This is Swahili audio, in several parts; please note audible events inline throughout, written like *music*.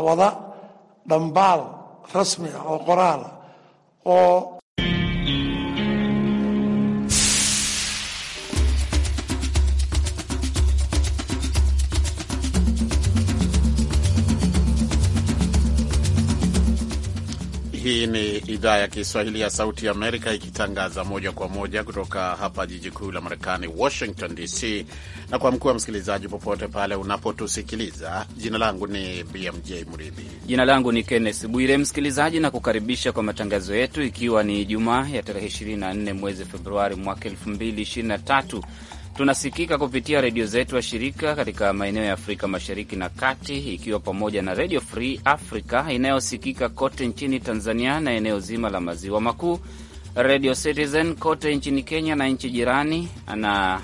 wada dhambaal rasmi ah oo qoraala oo Hii ni idhaa ya Kiswahili ya Sauti ya Amerika ikitangaza moja kwa moja kutoka hapa jiji kuu la Marekani, Washington DC. Na kwa mkuu wa msikilizaji, popote pale unapotusikiliza, jina langu ni BMJ Mridhi. Jina langu ni kennes Bwire. Msikilizaji, na kukaribisha kwa matangazo yetu, ikiwa ni jumaa ya tarehe 24 mwezi Februari mwaka 2023 Tunasikika kupitia redio zetu wa shirika katika maeneo ya Afrika Mashariki na Kati, ikiwa pamoja na Redio Free Africa inayosikika kote nchini Tanzania na eneo zima la Maziwa Makuu, Redio Citizen kote nchini Kenya na nchi jirani, na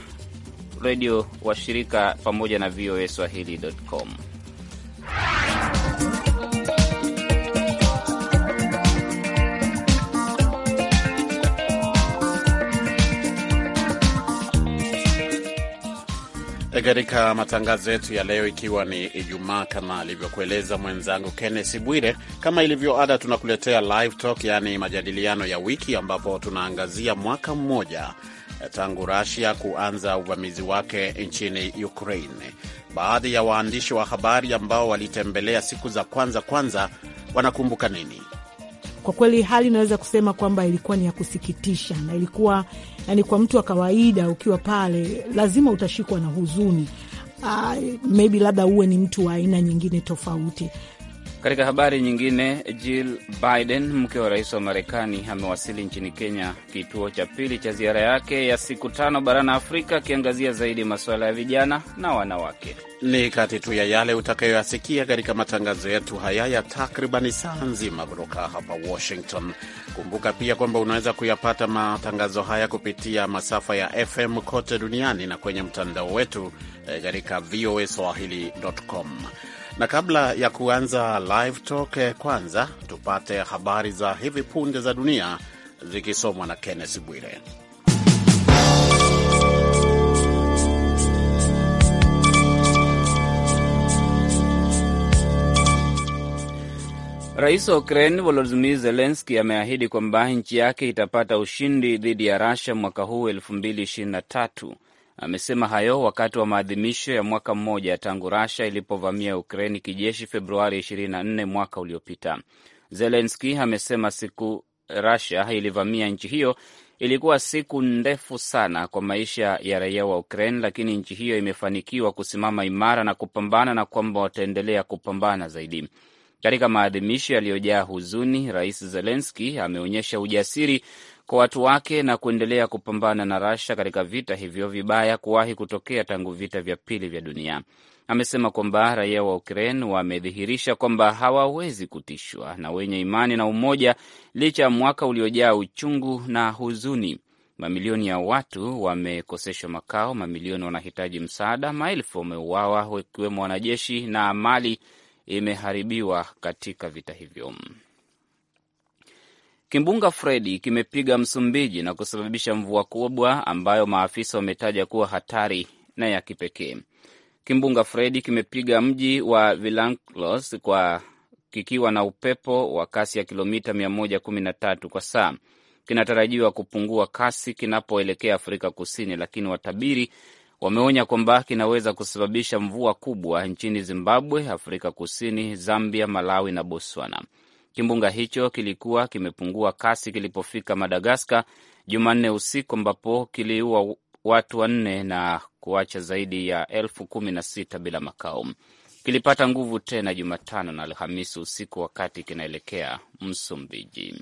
redio wa shirika pamoja na VOA swahili.com. katika matangazo yetu ya leo, ikiwa ni Ijumaa kama alivyokueleza mwenzangu Kennes Bwire. Kama ilivyo ada, tunakuletea live talk, yaani majadiliano ya wiki, ambapo tunaangazia mwaka mmoja tangu rasia kuanza uvamizi wake nchini Ukraine. Baadhi ya waandishi wa habari ambao walitembelea siku za kwanza kwanza wanakumbuka nini? Kwa kweli hali inaweza kusema kwamba ilikuwa ni ya kusikitisha na ilikuwa yani kwa mtu wa kawaida ukiwa pale lazima utashikwa na huzuni. Uh, maybe labda uwe ni mtu wa aina nyingine tofauti, katika habari nyingine, Jill Biden, mke wa rais wa Marekani, amewasili nchini Kenya, kituo cha pili cha ziara yake ya siku tano barani Afrika, akiangazia zaidi masuala ya vijana na wanawake. Ni kati tu ya yale utakayoyasikia katika matangazo yetu haya ya takribani saa nzima kutoka hapa Washington. Kumbuka pia kwamba unaweza kuyapata matangazo haya kupitia masafa ya FM kote duniani na kwenye mtandao wetu eh, katika voa swahili.com. Na kabla ya kuanza live talk, eh, kwanza tupate habari za hivi punde za dunia zikisomwa na Kenneth Bwire. Rais wa ukrain Volodimir Zelenski ameahidi kwamba nchi yake itapata ushindi dhidi ya Rasha mwaka huu Amesema hayo wakati wa maadhimisho ya mwaka mmoja tangu rasha ilipovamia Ukraini kijeshi Februari 24 mwaka uliopita. Zelenski amesema siku rasia ilivamia nchi hiyo ilikuwa siku ndefu sana kwa maisha ya raia wa Ukraine, lakini nchi hiyo imefanikiwa kusimama imara na kupambana na kwamba wataendelea kupambana zaidi. Katika maadhimisho yaliyojaa huzuni, Rais Zelenski ameonyesha ujasiri kwa watu wake na kuendelea kupambana na rasha katika vita hivyo vibaya kuwahi kutokea tangu vita vya pili vya dunia. Amesema kwamba raia wa Ukraine wamedhihirisha kwamba hawawezi kutishwa na wenye imani na umoja, licha ya mwaka uliojaa uchungu na huzuni. Mamilioni ya watu wamekoseshwa makao, mamilioni wanahitaji msaada, maelfu wameuawa, wakiwemo wanajeshi na mali imeharibiwa katika vita hivyo. Kimbunga Fredi kimepiga Msumbiji na kusababisha mvua kubwa ambayo maafisa wametaja kuwa hatari na ya kipekee. Kimbunga Fredi kimepiga mji wa Vilanculos kwa kikiwa na upepo wa kasi ya kilomita 113 kwa saa. Kinatarajiwa kupungua kasi kinapoelekea Afrika Kusini, lakini watabiri wameonya kwamba kinaweza kusababisha mvua kubwa nchini Zimbabwe, Afrika Kusini, Zambia, Malawi na Botswana. Kimbunga hicho kilikuwa kimepungua kasi kilipofika Madagaskar Jumanne usiku ambapo kiliua watu wanne na kuacha zaidi ya elfu kumi na sita bila makao. Kilipata nguvu tena Jumatano na Alhamisi usiku wakati kinaelekea Msumbiji.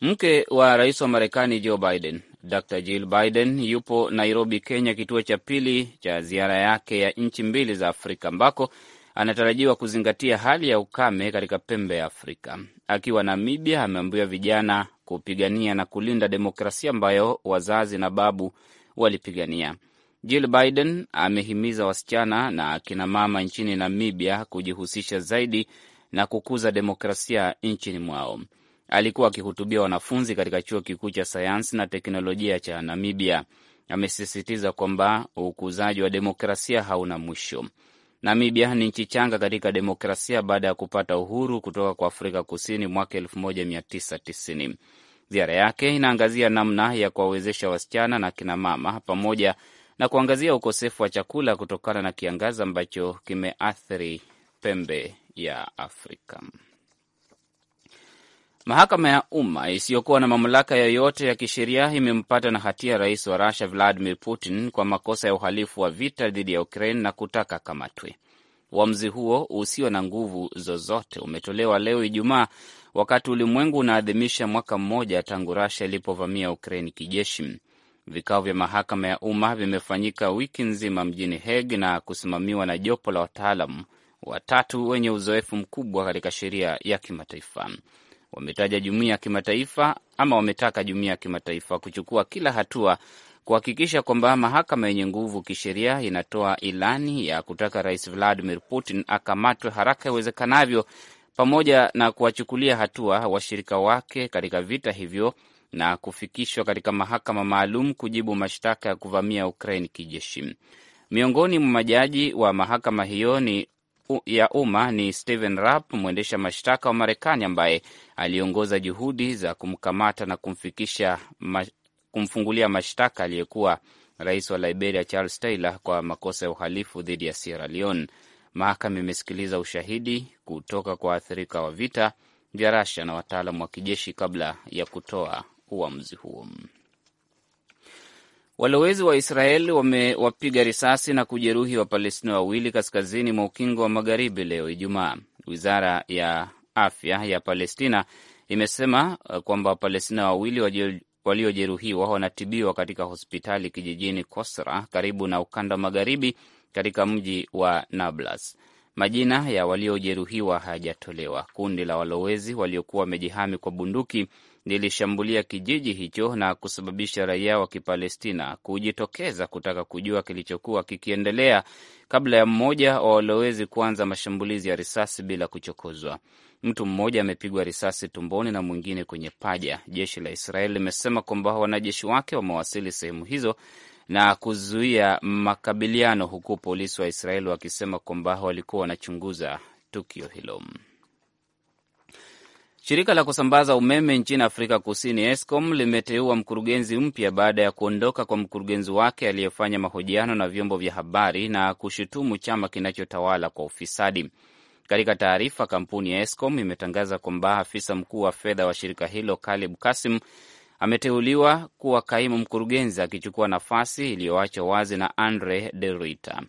Mke wa rais wa Marekani Joe Biden, Dr Jill Biden, yupo Nairobi, Kenya, kituo cha pili cha ziara yake ya nchi mbili za Afrika ambako anatarajiwa kuzingatia hali ya ukame katika pembe ya Afrika. Akiwa Namibia, ameambiwa vijana kupigania na kulinda demokrasia ambayo wazazi na babu walipigania. Jill Biden amehimiza wasichana na akinamama nchini Namibia kujihusisha zaidi na kukuza demokrasia nchini mwao. Alikuwa akihutubia wanafunzi katika chuo kikuu cha sayansi na teknolojia cha Namibia. Amesisitiza kwamba ukuzaji wa demokrasia hauna mwisho. Namibia ni nchi changa katika demokrasia baada ya kupata uhuru kutoka kwa Afrika Kusini mwaka 1990. Ziara yake inaangazia namna ya kuwawezesha wasichana na kinamama pamoja na kuangazia ukosefu wa chakula kutokana na kiangazi ambacho kimeathiri pembe ya Afrika. Mahakama ya umma isiyokuwa na mamlaka yoyote ya kisheria imempata na hatia rais wa Rusia Vladimir Putin kwa makosa ya uhalifu wa vita dhidi ya Ukraine na kutaka kamatwe. Uamuzi huo usio na nguvu zozote umetolewa leo Ijumaa, wakati ulimwengu unaadhimisha mwaka mmoja tangu Rusia ilipovamia Ukraine kijeshi. Vikao vya mahakama ya umma vimefanyika wiki nzima mjini Hague na kusimamiwa na jopo la wataalam watatu wenye uzoefu mkubwa katika sheria ya kimataifa wametaja jumuiya ya kimataifa ama wametaka jumuiya ya kimataifa kuchukua kila hatua kuhakikisha kwamba mahakama yenye nguvu kisheria inatoa ilani ya kutaka Rais Vladimir Putin akamatwe haraka iwezekanavyo, pamoja na kuwachukulia hatua washirika wake katika vita hivyo na kufikishwa katika mahakama maalum kujibu mashtaka ya kuvamia Ukraine kijeshi. Miongoni mwa majaji wa mahakama hiyo ni ya umma ni Stephen Rapp, mwendesha mashtaka wa Marekani ambaye aliongoza juhudi za kumkamata na kumfikisha ma, kumfungulia mashtaka aliyekuwa rais wa Liberia Charles Taylor kwa makosa ya uhalifu dhidi ya Sierra Leone. Mahakama imesikiliza ushahidi kutoka kwa waathirika wa vita vya Russia na wataalam wa kijeshi kabla ya kutoa uamuzi huo. Walowezi wa Israel wamewapiga risasi na kujeruhi Wapalestina wawili kaskazini mwa ukingo wa magharibi leo Ijumaa. Wizara ya afya ya Palestina imesema uh, kwamba Wapalestina wawili waliojeruhiwa wanatibiwa katika hospitali kijijini Kosra karibu na ukanda wa magharibi katika mji wa Nablus. Majina ya waliojeruhiwa hayajatolewa. Kundi la walowezi waliokuwa wamejihami kwa bunduki lilishambulia kijiji hicho na kusababisha raia wa Kipalestina kujitokeza kutaka kujua kilichokuwa kikiendelea kabla ya mmoja wa walowezi kuanza mashambulizi ya risasi bila kuchokozwa. Mtu mmoja amepigwa risasi tumboni na mwingine kwenye paja. Jeshi la Israeli limesema kwamba wanajeshi wake wamewasili sehemu hizo na kuzuia makabiliano, huku polisi wa Israeli wakisema kwamba walikuwa wanachunguza tukio hilo. Shirika la kusambaza umeme nchini Afrika Kusini, Eskom, limeteua mkurugenzi mpya baada ya kuondoka kwa mkurugenzi wake aliyefanya mahojiano na vyombo vya habari na kushutumu chama kinachotawala kwa ufisadi. Katika taarifa, kampuni ya Eskom imetangaza kwamba afisa mkuu wa fedha wa shirika hilo Kalib Kasim ameteuliwa kuwa kaimu mkurugenzi, akichukua nafasi iliyoachwa wazi na Andre de Ruyter.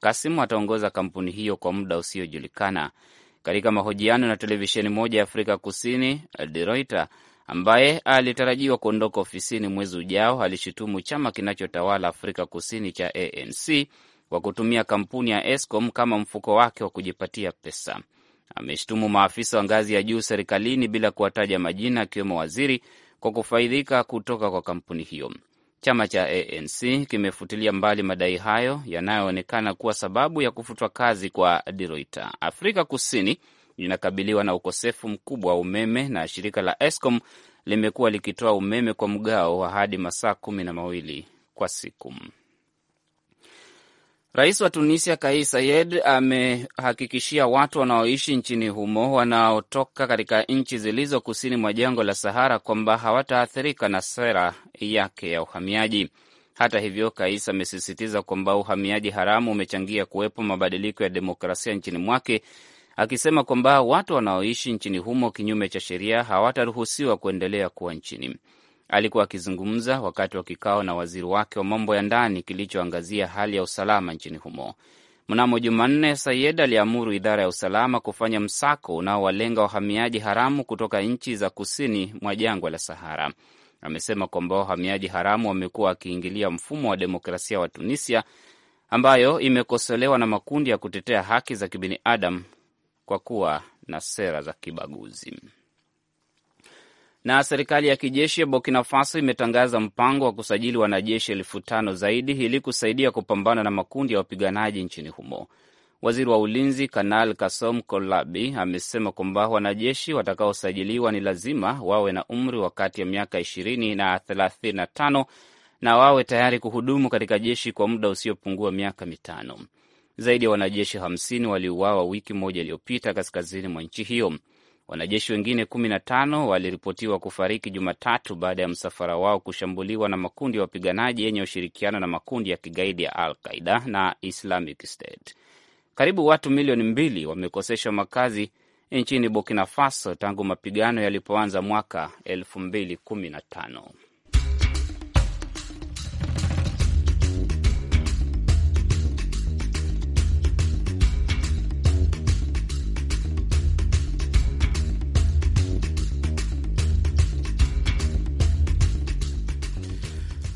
Kasim ataongoza kampuni hiyo kwa muda usiojulikana katika mahojiano na televisheni moja ya Afrika Kusini, De ambaye alitarajiwa kuondoka ofisini mwezi ujao alishutumu chama kinachotawala Afrika Kusini cha ANC kwa kutumia kampuni ya Eskom kama mfuko wake wa kujipatia pesa. Ameshutumu maafisa wa ngazi ya juu serikalini bila kuwataja majina, akiwemo waziri, kwa kufaidhika kutoka kwa kampuni hiyo. Chama cha ANC kimefutilia mbali madai hayo yanayoonekana kuwa sababu ya kufutwa kazi kwa De Afrika Kusini inakabiliwa na ukosefu mkubwa wa umeme na shirika la Eskom limekuwa likitoa umeme kwa mgao wa hadi masaa kumi na mawili kwa siku. Rais wa Tunisia Kais Saied amehakikishia watu wanaoishi nchini humo wanaotoka katika nchi zilizo kusini mwa jangwa la Sahara kwamba hawataathirika na sera yake ya uhamiaji. Hata hivyo, Kais amesisitiza kwamba uhamiaji haramu umechangia kuwepo mabadiliko ya demokrasia nchini mwake, akisema kwamba watu wanaoishi nchini humo kinyume cha sheria hawataruhusiwa kuendelea kuwa nchini. Alikuwa akizungumza wakati wa kikao na waziri wake wa mambo ya ndani kilichoangazia hali ya usalama nchini humo. Mnamo Jumanne, Sayed aliamuru idara ya usalama kufanya msako unaowalenga wahamiaji haramu kutoka nchi za kusini mwa jangwa la Sahara. Amesema kwamba wahamiaji haramu wamekuwa wakiingilia mfumo wa demokrasia wa Tunisia, ambayo imekosolewa na makundi ya kutetea haki za kibinadamu kwa kuwa na sera za kibaguzi. Na serikali ya kijeshi ya Burkina Faso imetangaza mpango wa kusajili wanajeshi elfu tano zaidi ili kusaidia kupambana na makundi ya wapiganaji nchini humo. Waziri wa ulinzi Kanal Kasom Kolabi amesema kwamba wanajeshi watakaosajiliwa ni lazima wawe na umri wa kati ya miaka 20 na 35 na wawe tayari kuhudumu katika jeshi kwa muda usiopungua miaka mitano. Zaidi ya wanajeshi 50 waliuawa wiki moja iliyopita kaskazini mwa nchi hiyo. Wanajeshi wengine 15 waliripotiwa kufariki Jumatatu baada ya msafara wao kushambuliwa na makundi ya wapiganaji yenye ushirikiano na makundi ya kigaidi ya Al Qaida na Islamic State. Karibu watu milioni mbili wamekoseshwa makazi nchini Burkina Faso tangu mapigano yalipoanza mwaka 2015.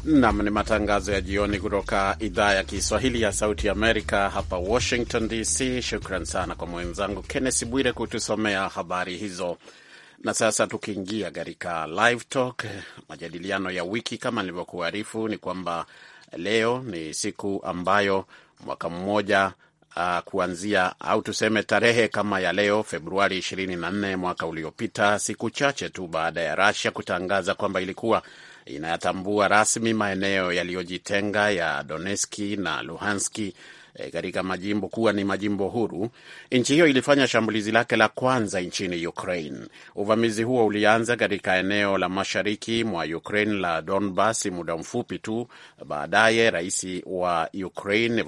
Nam ni matangazo ya jioni kutoka idhaa ya Kiswahili ya Sauti Amerika hapa Washington DC. Shukran sana kwa mwenzangu kennes Bwire kutusomea habari hizo. Na sasa tukiingia katika Live Talk, majadiliano ya wiki, kama nilivyokuarifu, ni kwamba leo ni siku ambayo mwaka mmoja Uh, kuanzia au tuseme tarehe kama ya leo Februari 24 mwaka uliopita, siku chache tu baada ya Russia kutangaza kwamba ilikuwa inayatambua rasmi maeneo yaliyojitenga ya Donetski na Luhanski e, eh, katika majimbo kuwa ni majimbo huru. Nchi hiyo ilifanya shambulizi lake la kwanza nchini Ukraine. Uvamizi huo ulianza katika eneo la mashariki mwa Ukraine la Donbas muda mfupi tu baadaye, rais wa Ukraine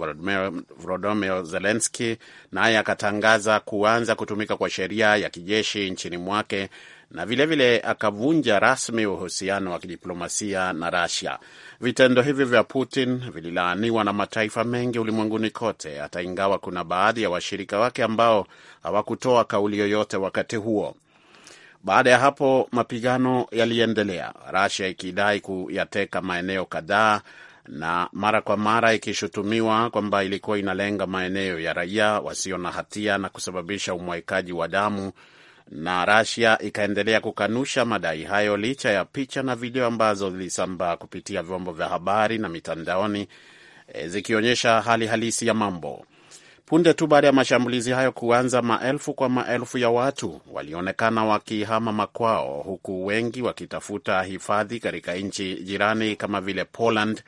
Volodymyr Zelensky naye akatangaza kuanza kutumika kwa sheria ya kijeshi nchini mwake na vilevile vile akavunja rasmi uhusiano wa kidiplomasia na Russia. Vitendo hivi vya Putin vililaaniwa na mataifa mengi ulimwenguni kote, hata ingawa kuna baadhi ya washirika wake ambao hawakutoa kauli yoyote wakati huo. Baada ya hapo, mapigano yaliendelea, Russia ikidai kuyateka maeneo kadhaa na mara kwa mara ikishutumiwa kwamba ilikuwa inalenga maeneo ya raia wasio na hatia na kusababisha umwaikaji wa damu na Russia ikaendelea kukanusha madai hayo licha ya picha na video ambazo zilisambaa kupitia vyombo vya habari na mitandaoni e, zikionyesha hali halisi ya mambo. Punde tu baada ya mashambulizi hayo kuanza, maelfu kwa maelfu ya watu walionekana wakihama makwao, huku wengi wakitafuta hifadhi katika nchi jirani kama vile Poland,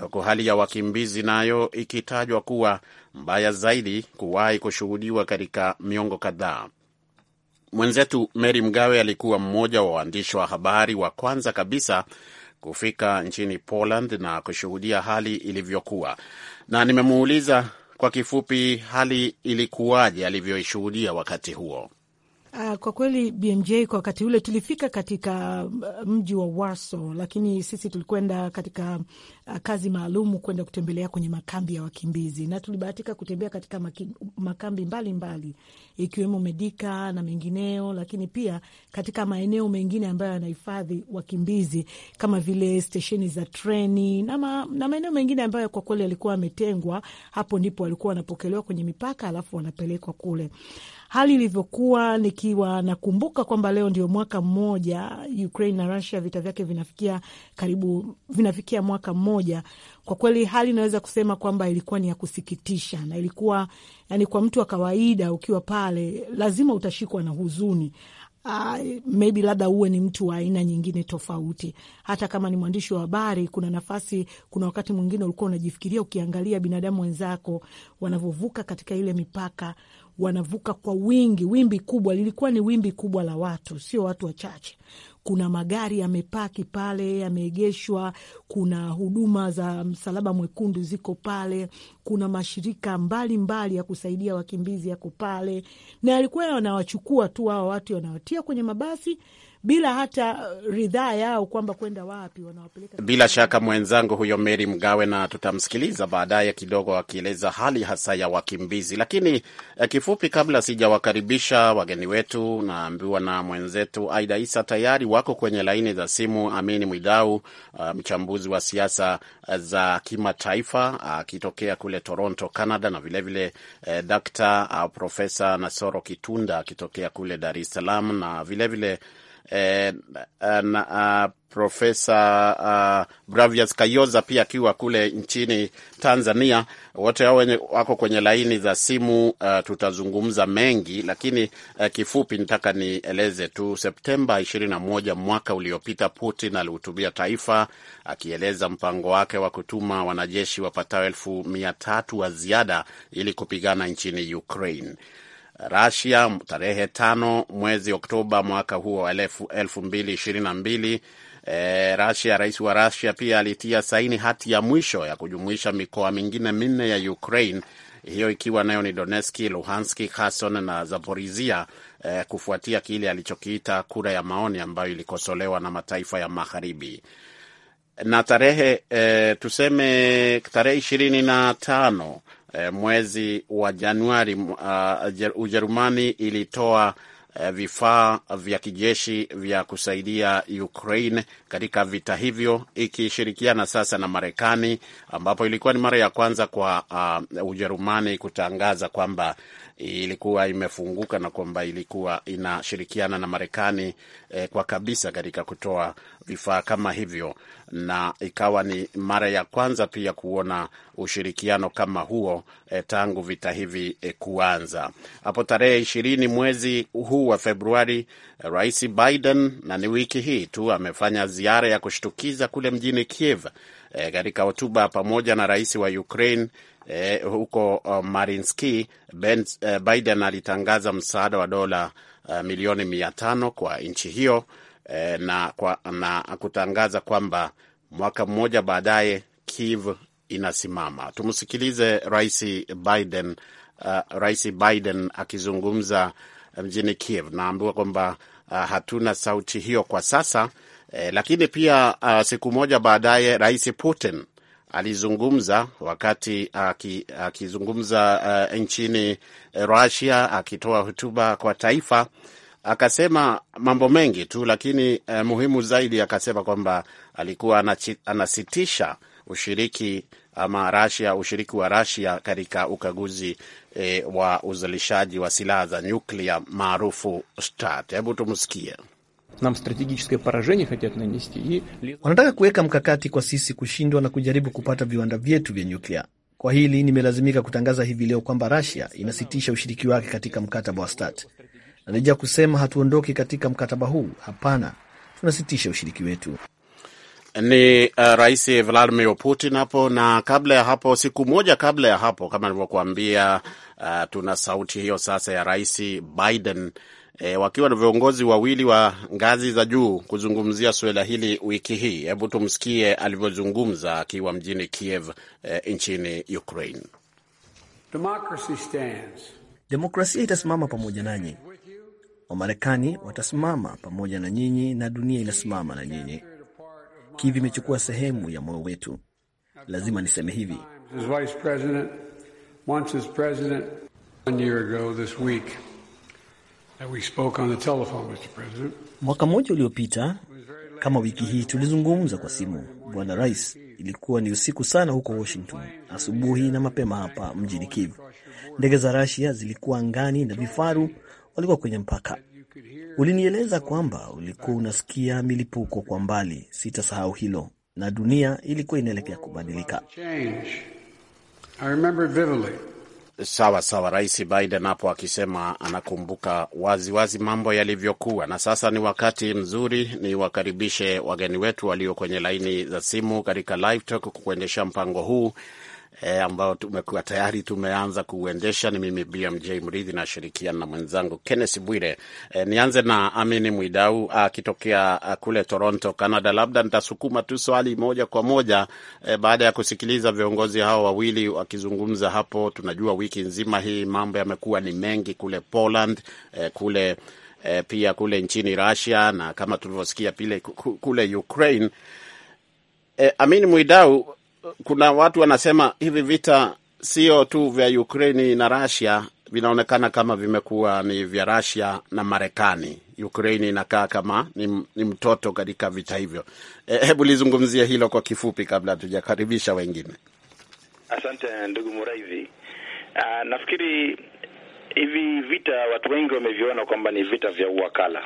huku hali ya wakimbizi nayo ikitajwa kuwa mbaya zaidi kuwahi kushuhudiwa katika miongo kadhaa. Mwenzetu Mary Mgawe alikuwa mmoja wa waandishi wa habari wa kwanza kabisa kufika nchini Poland na kushuhudia hali ilivyokuwa, na nimemuuliza kwa kifupi hali ilikuwaje alivyoishuhudia wakati huo. Ah, kwa kweli BMJ, kwa wakati ule tulifika katika uh, mji wa Warsaw, lakini sisi tulikwenda katika Uh, kazi maalum kwenda kutembelea kwenye makambi ya wakimbizi, na tulibahatika kutembea katika makambi mbalimbali mbali, ikiwemo Medika na mengineo, lakini pia katika maeneo mengine ambayo yanahifadhi wakimbizi kama vile stesheni za treni na, ma, na maeneo mengine ambayo kwa kweli yalikuwa yametengwa. Hapo ndipo walikuwa wanapokelewa kwenye mipaka, alafu wanapelekwa kule hali ilivyokuwa. Nikiwa nakumbuka kwamba leo ndio mwaka mmoja Ukraine na Russia vita vyake vinafikia karibu vinafikia mwaka mmoja moja, kwa kweli hali inaweza kusema kwamba ilikuwa ni ya kusikitisha, na ilikuwa yani, kwa mtu wa kawaida ukiwa pale lazima utashikwa na huzuni. Uh, maybe labda uwe ni mtu wa aina nyingine tofauti, hata kama ni mwandishi wa habari. Kuna nafasi, kuna wakati mwingine ulikuwa unajifikiria, ukiangalia binadamu wenzako wanavyovuka katika ile mipaka, wanavuka kwa wingi, wimbi kubwa. Lilikuwa ni wimbi kubwa la watu, sio watu wachache kuna magari yamepaki pale, yameegeshwa, kuna huduma za Msalaba Mwekundu ziko pale, kuna mashirika mbalimbali mbali ya kusaidia wakimbizi yako pale, na yalikuwa wanawachukua tu hao watu, wanawatia kwenye mabasi bila hata ridhaa yao kwamba kwenda wapi wanawapeleka. Bila shaka mwenzangu huyo meri Mgawe, na tutamsikiliza baadaye kidogo akieleza hali hasa ya wakimbizi. Lakini eh, kifupi, kabla sijawakaribisha wageni wetu, naambiwa na mwenzetu Aida Isa tayari wako kwenye laini za simu, Amini Mwidau, eh, mchambuzi wa siasa eh, za kimataifa akitokea kule Toronto, Canada, na vilevile Dkt. Profesa Nasoro Kitunda akitokea kule Dar es Salaam na vilevile vile, eh, na, uh, Profesa uh, Bravias Kayoza pia akiwa kule nchini Tanzania. Wote hao wako kwenye laini za simu. Uh, tutazungumza mengi, lakini uh, kifupi nitaka nieleze tu, Septemba 21 mwaka uliopita Putin alihutubia taifa akieleza mpango wake wa kutuma wanajeshi wapatao elfu mia tatu wa ziada ili kupigana nchini Ukraine. Rasia tarehe tano mwezi Oktoba mwaka huo elfu mbili ishirini na mbili. E, Rasia, rais wa Rasia pia alitia saini hati ya mwisho ya kujumuisha mikoa mingine minne ya Ukraine, hiyo ikiwa nayo ni Donetski, Luhanski, Kherson na zaporizia e, kufuatia kile alichokiita kura ya maoni ambayo ilikosolewa na mataifa ya magharibi na tarehe e, tuseme tarehe ishirini na tano Eh, mwezi wa Januari uh, Ujerumani ilitoa uh, vifaa vya kijeshi vya kusaidia Ukraine katika vita hivyo ikishirikiana sasa na Marekani, ambapo ilikuwa ni mara ya kwanza kwa uh, Ujerumani kutangaza kwamba ilikuwa imefunguka na kwamba ilikuwa inashirikiana na Marekani eh, kwa kabisa katika kutoa vifaa kama hivyo, na ikawa ni mara ya kwanza pia kuona ushirikiano kama huo eh, tangu vita hivi eh, kuanza hapo tarehe ishirini mwezi huu wa Februari. Eh, Rais Biden na ni wiki hii tu amefanya ziara ya kushtukiza kule mjini Kiev eh, katika eh, hotuba pamoja na rais wa Ukraine eh, huko uh, Marinski ben, eh, Biden alitangaza msaada wa dola uh, milioni mia tano kwa nchi hiyo eh, na, kwa, na kutangaza kwamba mwaka mmoja baadaye Kiev inasimama. Tumsikilize Rais Biden, uh, Rais Biden akizungumza eh, mjini Kiev. Naambiwa kwamba uh, hatuna sauti hiyo kwa sasa eh, lakini pia uh, siku moja baadaye Rais Putin alizungumza wakati akizungumza uh, nchini Russia akitoa hotuba kwa taifa, akasema mambo mengi tu, lakini uh, muhimu zaidi akasema kwamba alikuwa anasitisha ushiriki ama Russia, ushiriki wa Russia katika ukaguzi eh, wa uzalishaji wa silaha za nyuklia maarufu START. Hebu tumsikie. Wanataka kuweka mkakati kwa sisi kushindwa na kujaribu kupata viwanda vyetu vya nyuklia. Kwa hili nimelazimika kutangaza hivi leo kwamba Russia inasitisha ushiriki wake katika mkataba wa START. Na kusema hatuondoki katika mkataba huu, hapana, tunasitisha ushiriki wetu. Ni uh, Rais Vladimir Putin hapo. Na kabla ya hapo, siku moja kabla ya hapo, kama nilivyokuambia, uh, tuna sauti hiyo sasa ya Rais Biden e, wakiwa na viongozi wawili wa ngazi za juu kuzungumzia suala hili wiki hii. Hebu tumsikie alivyozungumza akiwa mjini Kiev, e, nchini Ukraine. Demokrasia itasimama pamoja nanyi, Wamarekani watasimama pamoja na nyinyi, na dunia inasimama na nyinyi. Kivi imechukua sehemu ya moyo wetu. Lazima niseme hivi. Vice President, once President, one year ago this week Mwaka mmoja uliopita kama wiki hii tulizungumza kwa simu, Bwana Rais. Ilikuwa ni usiku sana huko Washington, asubuhi na mapema hapa mjini Kiev. Ndege za Rasia zilikuwa angani na vifaru walikuwa kwenye mpaka. Ulinieleza kwamba ulikuwa unasikia milipuko kwa mbali, sitasahau hilo, na dunia ilikuwa inaelekea kubadilika. Sawa sawa, Rais Biden hapo akisema anakumbuka waziwazi wazi mambo yalivyokuwa, na sasa ni wakati mzuri niwakaribishe wageni wetu walio kwenye laini za simu katika live talk kukuendesha mpango huu e, ambao tumekuwa tayari tumeanza kuuendesha. Ni mimi BMJ Mridhi nashirikiana na mwenzangu Kenneth Bwire. E, nianze na Amini Mwidau akitokea kule Toronto, Canada. Labda nitasukuma tu swali moja kwa moja e, baada ya kusikiliza viongozi hao wawili wakizungumza hapo. Tunajua wiki nzima hii mambo yamekuwa ni mengi kule Poland, e, kule e, pia kule nchini Russia na kama tulivyosikia pile kule Ukraine. E, Amin Mwidau, kuna watu wanasema hivi vita sio tu vya Ukraini na Russia vinaonekana kama vimekuwa ni vya Russia na Marekani. Ukraini inakaa kama ni, ni mtoto katika vita hivyo. E, hebu lizungumzia hilo kwa kifupi kabla hatujakaribisha wengine. Asante ndugu muraidhi Uh, ah, nafikiri hivi vita watu wengi wameviona kwamba ni vita vya uwakala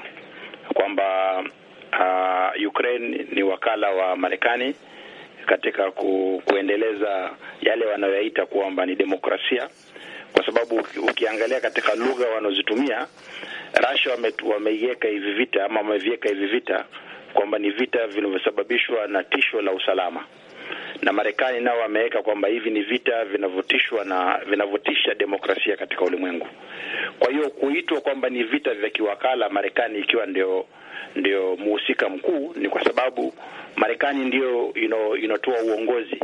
kwamba uh, Ukraine ni wakala wa Marekani katika ku, kuendeleza yale wanayoyaita kwamba ni demokrasia, kwa sababu ukiangalia katika lugha wanazotumia Russia wameiweka hivi vita ama wameviweka hivi vita kwamba ni vita vinavyosababishwa na tisho la usalama, na Marekani nao wameweka kwamba hivi ni vita vinavyotishwa na vinavyotisha demokrasia katika ulimwengu. Kwa hiyo kuitwa kwamba ni vita vya kiwakala, Marekani ikiwa ndio ndio muhusika mkuu, ni kwa sababu Marekani ndio inatoa uongozi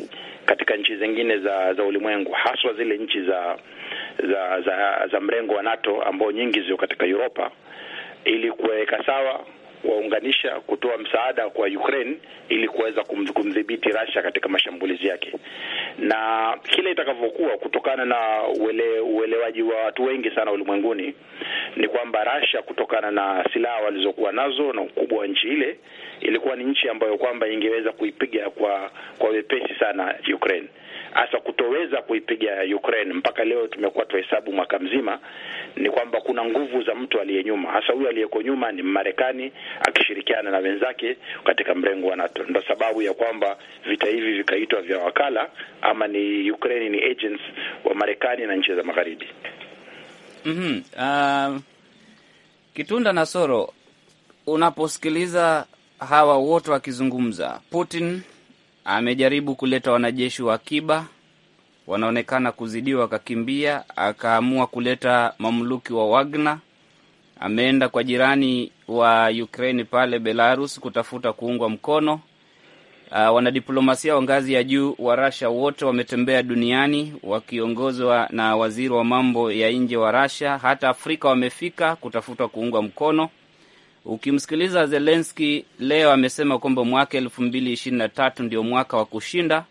katika nchi zingine za za ulimwengu, haswa zile nchi za za za, za mrengo wa NATO ambao nyingi ziko katika Europa ili kuweka sawa kuwaunganisha, kutoa msaada kwa Ukraine ili kuweza kumdhibiti Russia katika mashambulizi yake, na kile itakavyokuwa kutokana na uele, uelewaji wa watu wengi sana ulimwenguni ni kwamba Russia kutokana na silaha walizokuwa nazo na ukubwa wa nchi ile, ilikuwa ni nchi ambayo kwamba ingeweza kuipiga kwa kwa wepesi sana Ukraine hasa kutoweza kuipiga Ukraine mpaka leo tumekuwa tuhesabu mwaka mzima, ni kwamba kuna nguvu za mtu aliye nyuma, hasa huyo aliyeko nyuma ni Marekani akishirikiana na wenzake katika mrengo wa NATO. Ndo sababu ya kwamba vita hivi vikaitwa vya wakala ama ni Ukraine ni agents wa Marekani na nchi za magharibi. Mm -hmm. Uh, Kitunda na Soro, unaposikiliza hawa wote wakizungumza, Putin amejaribu kuleta wanajeshi wa akiba wanaonekana kuzidiwa, wakakimbia, akaamua kuleta mamluki wa Wagner ameenda kwa jirani wa Ukraine pale Belarus kutafuta kuungwa mkono. Uh, wanadiplomasia wa ngazi ya juu wa Russia wote wametembea duniani wakiongozwa na waziri wa mambo ya nje wa Russia. Hata Afrika wamefika kutafuta kuungwa mkono. Ukimsikiliza Zelensky leo amesema kwamba mwaka elfu mbili ishirini na tatu ndio mwaka wa kushinda.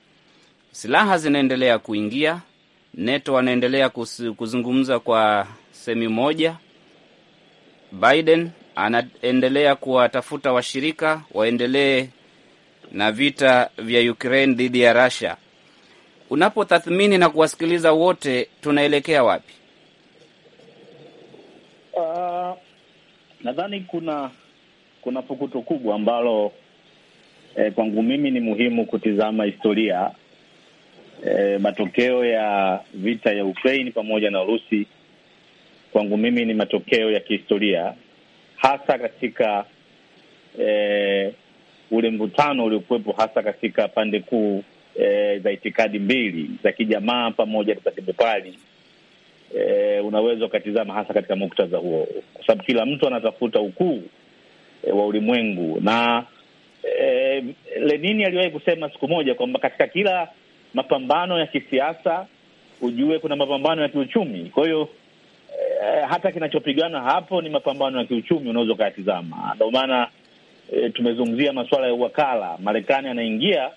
Silaha zinaendelea kuingia, NATO wanaendelea kuzungumza kwa semi moja Biden anaendelea kuwatafuta washirika waendelee na vita vya Ukraine dhidi ya Russia. Unapotathmini na kuwasikiliza wote, tunaelekea wapi? Uh, nadhani kuna kuna pukuto kubwa ambalo eh, kwangu mimi ni muhimu kutizama historia eh, matokeo ya vita ya Ukraine pamoja na Urusi kwangu mimi ni matokeo ya kihistoria, hasa katika eh, ule mvutano uliokuwepo hasa katika pande kuu eh, za itikadi mbili za kijamaa pamoja za kibepali. Eh, unaweza ukatizama hasa katika muktadha huo, kwa sababu kila mtu anatafuta ukuu eh, wa ulimwengu na eh, Lenini aliwahi kusema siku moja kwamba katika kila mapambano ya kisiasa ujue kuna mapambano ya kiuchumi. Kwa hiyo eh, hata kinachopigana hapo ni mapambano ya kiuchumi, unaweza ukayatizama. Ndio maana eh, tumezungumzia masuala ya uwakala. Marekani anaingia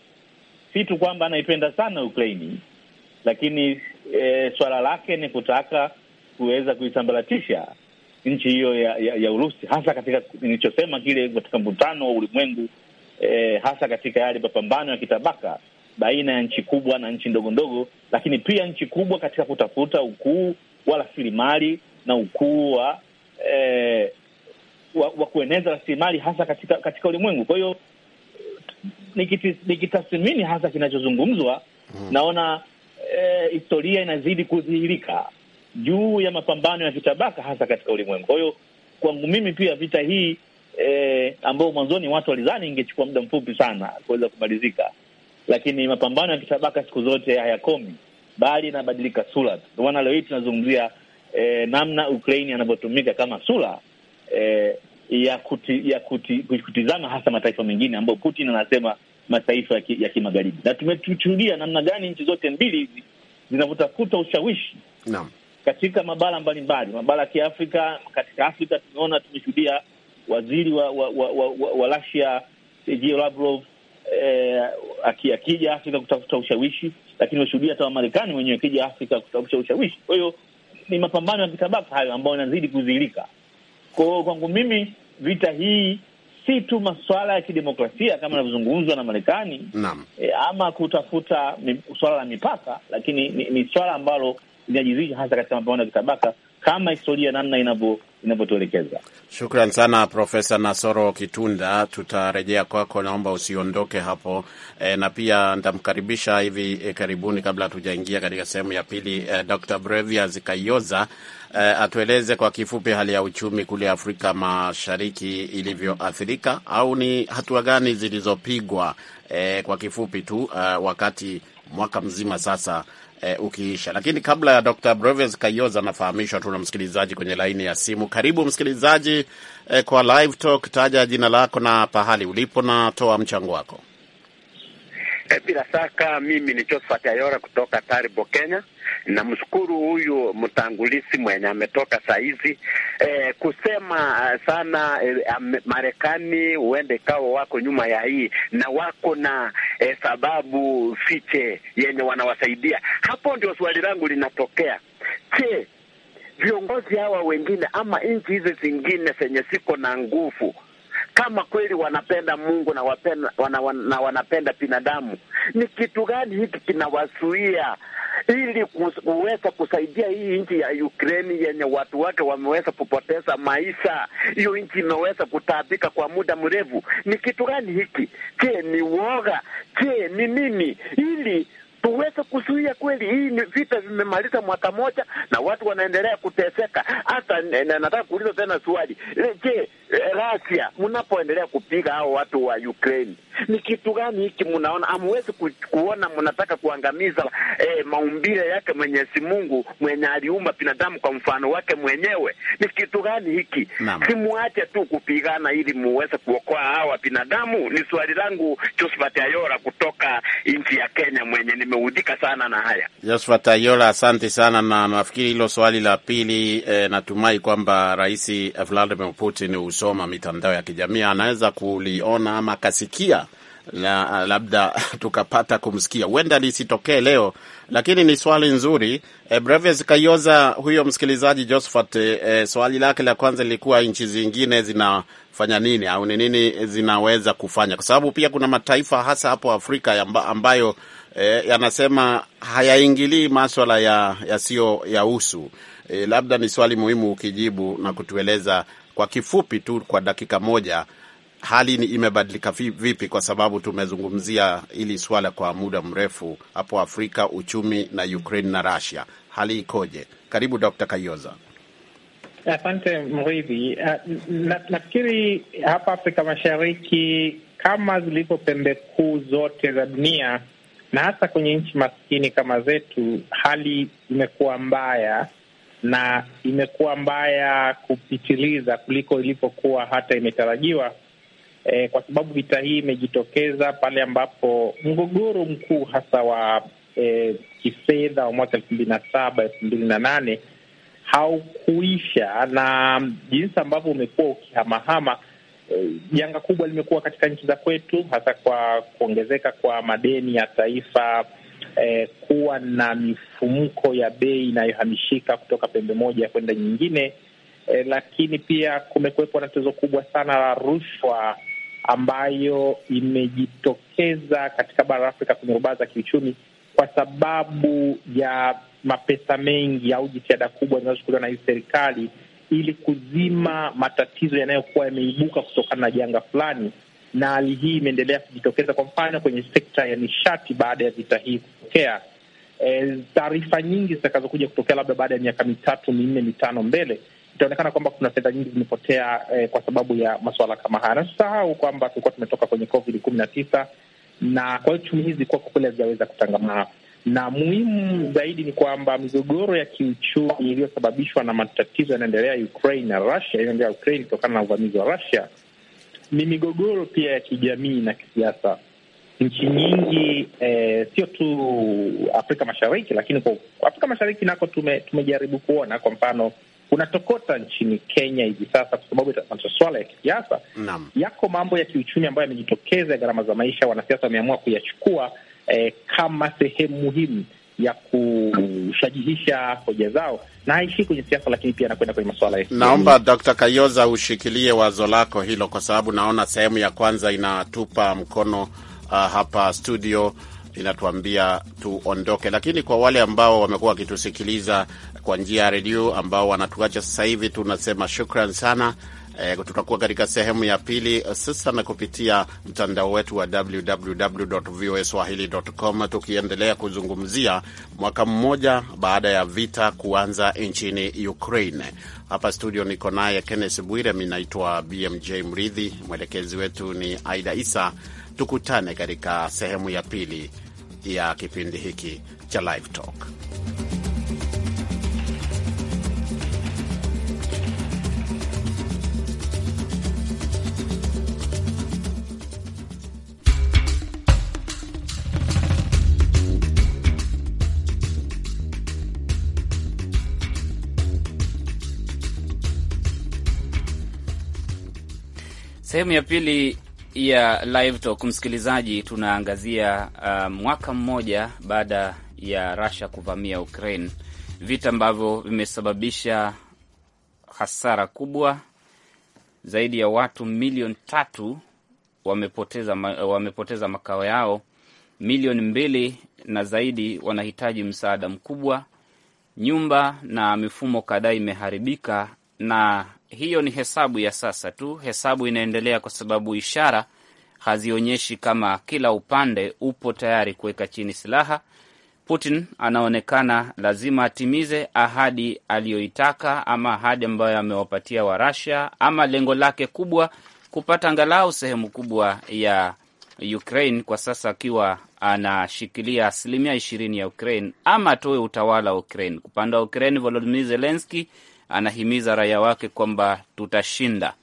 si tu kwamba anaipenda sana Ukraini, lakini eh, swala lake ni kutaka kuweza kuisambaratisha nchi hiyo ya, ya, ya Urusi, hasa katika nilichosema kile katika mvutano wa ulimwengu eh, hasa katika yale mapambano ya kitabaka baina ya nchi kubwa na nchi ndogo ndogo, lakini pia nchi kubwa katika kutafuta ukuu wa rasilimali na ukuu wa eh, wa, wa kueneza rasilimali hasa katika katika ulimwengu. Kwa hiyo nikitathmini hasa kinachozungumzwa mm, naona eh, historia inazidi kudhihirika juu ya mapambano ya vitabaka hasa katika ulimwengu. Kwa hiyo kwangu mimi pia vita hii eh, ambayo mwanzoni watu walidhani ingechukua muda mfupi sana kuweza kumalizika, lakini mapambano ya kitabaka siku zote hayakomi, bali inabadilika sura. Ndio maana leo hii tunazungumzia eh, namna Ukraine anavyotumika kama sura eh, ya kuti, ya kuti, kutizama hasa mataifa mengine ambayo Putin anasema mataifa ya kimagharibi, na tumeshuhudia namna gani nchi zote mbili hizi zinavyotafuta ushawishi naam, katika mabara mbalimbali, mabara ya Kiafrika. Katika Afrika tumeona, tumeshuhudia waziri wa wa, wa, wa, wa, wa Russia Sergey Lavrov eh, akija Afrika kutafuta ushawishi, lakini wameshuhudia hata Wamarekani wenyewe akija Afrika kutafuta ushawishi. Kwa hiyo ni mapambano ya kitabaka hayo ambayo yanazidi kuzilika. Kwa hiyo kwangu mimi vita hii si tu masuala ya kidemokrasia kama inavyozungumzwa na Marekani e, ama kutafuta suala la mipaka, lakini ni, ni swala ambalo linajizisha hasa katika mapambano ya kitabaka kama historia namna inavyo inavyotuelekeza. Shukran sana Profesa Nasoro Kitunda, tutarejea kwako, naomba usiondoke hapo e, na pia nitamkaribisha hivi e, karibuni kabla hatujaingia katika sehemu ya pili e, eh, Dr. Brevia Zikayoza e, atueleze kwa kifupi hali ya uchumi kule Afrika Mashariki ilivyoathirika au ni hatua gani zilizopigwa e, kwa kifupi tu e, wakati mwaka mzima sasa eh, ukiisha. Lakini kabla ya Dr. Breves Kayoza, anafahamishwa tuna msikilizaji kwenye laini ya simu. Karibu msikilizaji eh, kwa live talk. Taja jina lako na pahali ulipo na toa mchango wako. Eh, bila shaka mimi ni Josephat Ayora kutoka Taribo, Kenya. Namshukuru huyu mtangulizi mwenye ametoka hizi e, kusema eh, sana e, Marekani huende ikawa wako nyuma ya hii na wako na e, sababu fiche yenye wanawasaidia. Hapo ndio swali langu linatokea. Je, viongozi hawa wengine ama nchi hizi zingine zenye ziko na nguvu kama kweli wanapenda Mungu na, wapenda, wana, wana, wanapenda binadamu, ni kitu gani hiki kinawazuia ili kuweza kusaidia hii nchi ya Ukraini yenye watu wake wameweza kupoteza maisha? Hiyo nchi imeweza kutaabika kwa muda mrefu. Ni kitu gani hiki? Je, ni woga? Je, ni nini ili tuweze kuzuia kweli. Hii ni vita vimemaliza mwaka moja na watu wanaendelea kuteseka. Hata nataka kuuliza tena swali, je, Eh, Rasia mnapoendelea kupiga hao watu wa Ukraine, ni kitu gani hiki mnaona? Hamwezi kuona mnataka kuangamiza eh, maumbile yake Mwenyezi Mungu mwenye aliumba binadamu kwa mfano wake mwenyewe. Ni kitu gani hiki? Simuache tu kupigana ili muweze kuokoa hawa binadamu. Ni swali langu, Josephat Ayora kutoka nchi ya Kenya, mwenye nimeudhika sana na haya. Josephat Ayora, asante sana, na nafikiri hilo swali la pili eh, natumai kwamba Rais Vladimir Putin kusoma mitandao ya kijamii anaweza kuliona ama akasikia na ah, labda *laughs* tukapata kumsikia. Huenda lisitokee leo, lakini ni swali nzuri. E, eh, Breves Kayoza huyo msikilizaji Josephat, e, swali lake la kwanza lilikuwa nchi zingine zinafanya nini au ni nini zinaweza kufanya, kwa sababu pia kuna mataifa hasa hapo Afrika ambayo e, yanasema hayaingilii maswala yasiyo ya, ya usu. E, labda ni swali muhimu ukijibu na kutueleza kwa kifupi tu kwa dakika moja, hali ni imebadilika vipi? Kwa sababu tumezungumzia hili swala kwa muda mrefu hapo Afrika, uchumi na Ukraine na Russia, hali ikoje? Karibu Dr. Kayoza. Asante Mridhi. Uh, nafikiri na hapa Afrika Mashariki, kama zilivyo pembe kuu zote za dunia na hasa kwenye nchi maskini kama zetu, hali imekuwa mbaya na imekuwa mbaya kupitiliza kuliko ilivyokuwa hata imetarajiwa, e, kwa sababu vita hii imejitokeza pale ambapo mgogoro mkuu hasa wa e, kifedha wa mwaka elfu mbili na saba elfu mbili na nane haukuisha na jinsi ambavyo umekuwa ukihamahama. Eh, janga e, kubwa limekuwa katika nchi za kwetu, hasa kwa kuongezeka kwa madeni ya taifa eh, kuwa na mifumuko ya bei inayohamishika kutoka pembe moja kwenda nyingine eh, lakini pia kumekuwepo na tatizo kubwa sana la rushwa ambayo imejitokeza katika bara la Afrika kwenye rubaa za kiuchumi kwa sababu ya mapesa mengi au jitihada kubwa zinazochukuliwa na hizi serikali ili kuzima matatizo yanayokuwa yameibuka kutokana na janga fulani na hali hii imeendelea kujitokeza, kwa mfano kwenye sekta ya nishati baada ya vita hii kutokea. E, taarifa nyingi zitakazokuja kutokea labda baada ya miaka mitatu minne mitano mbele itaonekana kwamba kuna fedha nyingi zimepotea e, kwa sababu ya masuala kama haya. Nasisahau kwamba tulikuwa tumetoka kwenye COVID kumi na tisa na kwa hiyo chumi hizi zilikuwa kwa kweli hazijaweza kutangamana, na muhimu zaidi ni kwamba migogoro ya kiuchumi iliyosababishwa na matatizo yanaendelea Ukraine na Russia, yanaendelea Ukraine kutokana na uvamizi wa Russia ni migogoro pia ya kijamii na kisiasa. Nchi nyingi eh, sio tu Afrika Mashariki, lakini kwa Afrika Mashariki nako tume, tumejaribu kuona kwa mfano kuna tokota nchini Kenya hivi sasa kwa sababu maswala ya kisiasa. Yako mambo ya kiuchumi ambayo yamejitokeza ya gharama za maisha, wanasiasa wameamua kuyachukua eh, kama sehemu muhimu ya kushajihisha hoja zao, na haishii kwenye siasa, lakini pia anakwenda kwenye masuala ya. Naomba Dr. Kayoza ushikilie wazo lako hilo, kwa sababu naona sehemu ya kwanza inatupa mkono uh, hapa studio inatuambia tuondoke, lakini kwa wale ambao wamekuwa wakitusikiliza kwa njia ya redio ambao wanatuacha sasa hivi, tunasema shukran sana E, tutakuwa katika sehemu ya pili eh, sasa na kupitia mtandao wetu wa www.voaswahili.com tukiendelea kuzungumzia mwaka mmoja baada ya vita kuanza nchini Ukraine. Hapa studio niko naye Kenneth Bwire, mi naitwa BMJ Mridhi, mwelekezi wetu ni Aida Isa. Tukutane katika sehemu ya pili ya kipindi hiki cha Live Talk. Sehemu ya pili ya Live Talk, msikilizaji, tunaangazia uh, mwaka mmoja baada ya Russia kuvamia Ukraine, vita ambavyo vimesababisha hasara kubwa, zaidi ya watu milioni tatu wamepoteza, wamepoteza makao yao, milioni mbili na zaidi wanahitaji msaada mkubwa. Nyumba na mifumo kadhaa imeharibika na hiyo ni hesabu ya sasa tu, hesabu inaendelea kwa sababu ishara hazionyeshi kama kila upande upo tayari kuweka chini silaha. Putin anaonekana lazima atimize ahadi aliyoitaka, ama ahadi ambayo amewapatia Warusia, ama lengo lake kubwa kupata angalau sehemu kubwa ya Ukraine, kwa sasa akiwa anashikilia asilimia ishirini ya Ukraine, ama atoe utawala wa Ukraine. Upande wa Ukraine, Volodymyr Zelensky anahimiza raia wake kwamba tutashinda.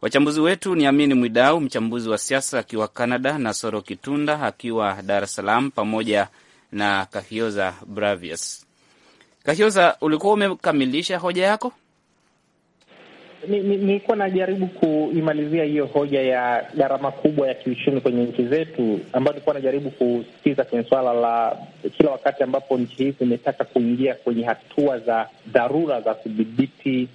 Wachambuzi wetu ni Amini Mwidau, mchambuzi wa siasa akiwa Canada, na Soro Kitunda akiwa Dar es Salaam, pamoja na Kahioza Bravius. Kahioza, ulikuwa umekamilisha hoja yako? nilikuwa najaribu kuimalizia hiyo hoja ya gharama kubwa ya kiuchumi kwenye nchi zetu, ambayo nilikuwa najaribu kusikiza kwenye suala la kila wakati ambapo nchi hizi zimetaka kuingia kwenye hatua za dharura za kudhibiti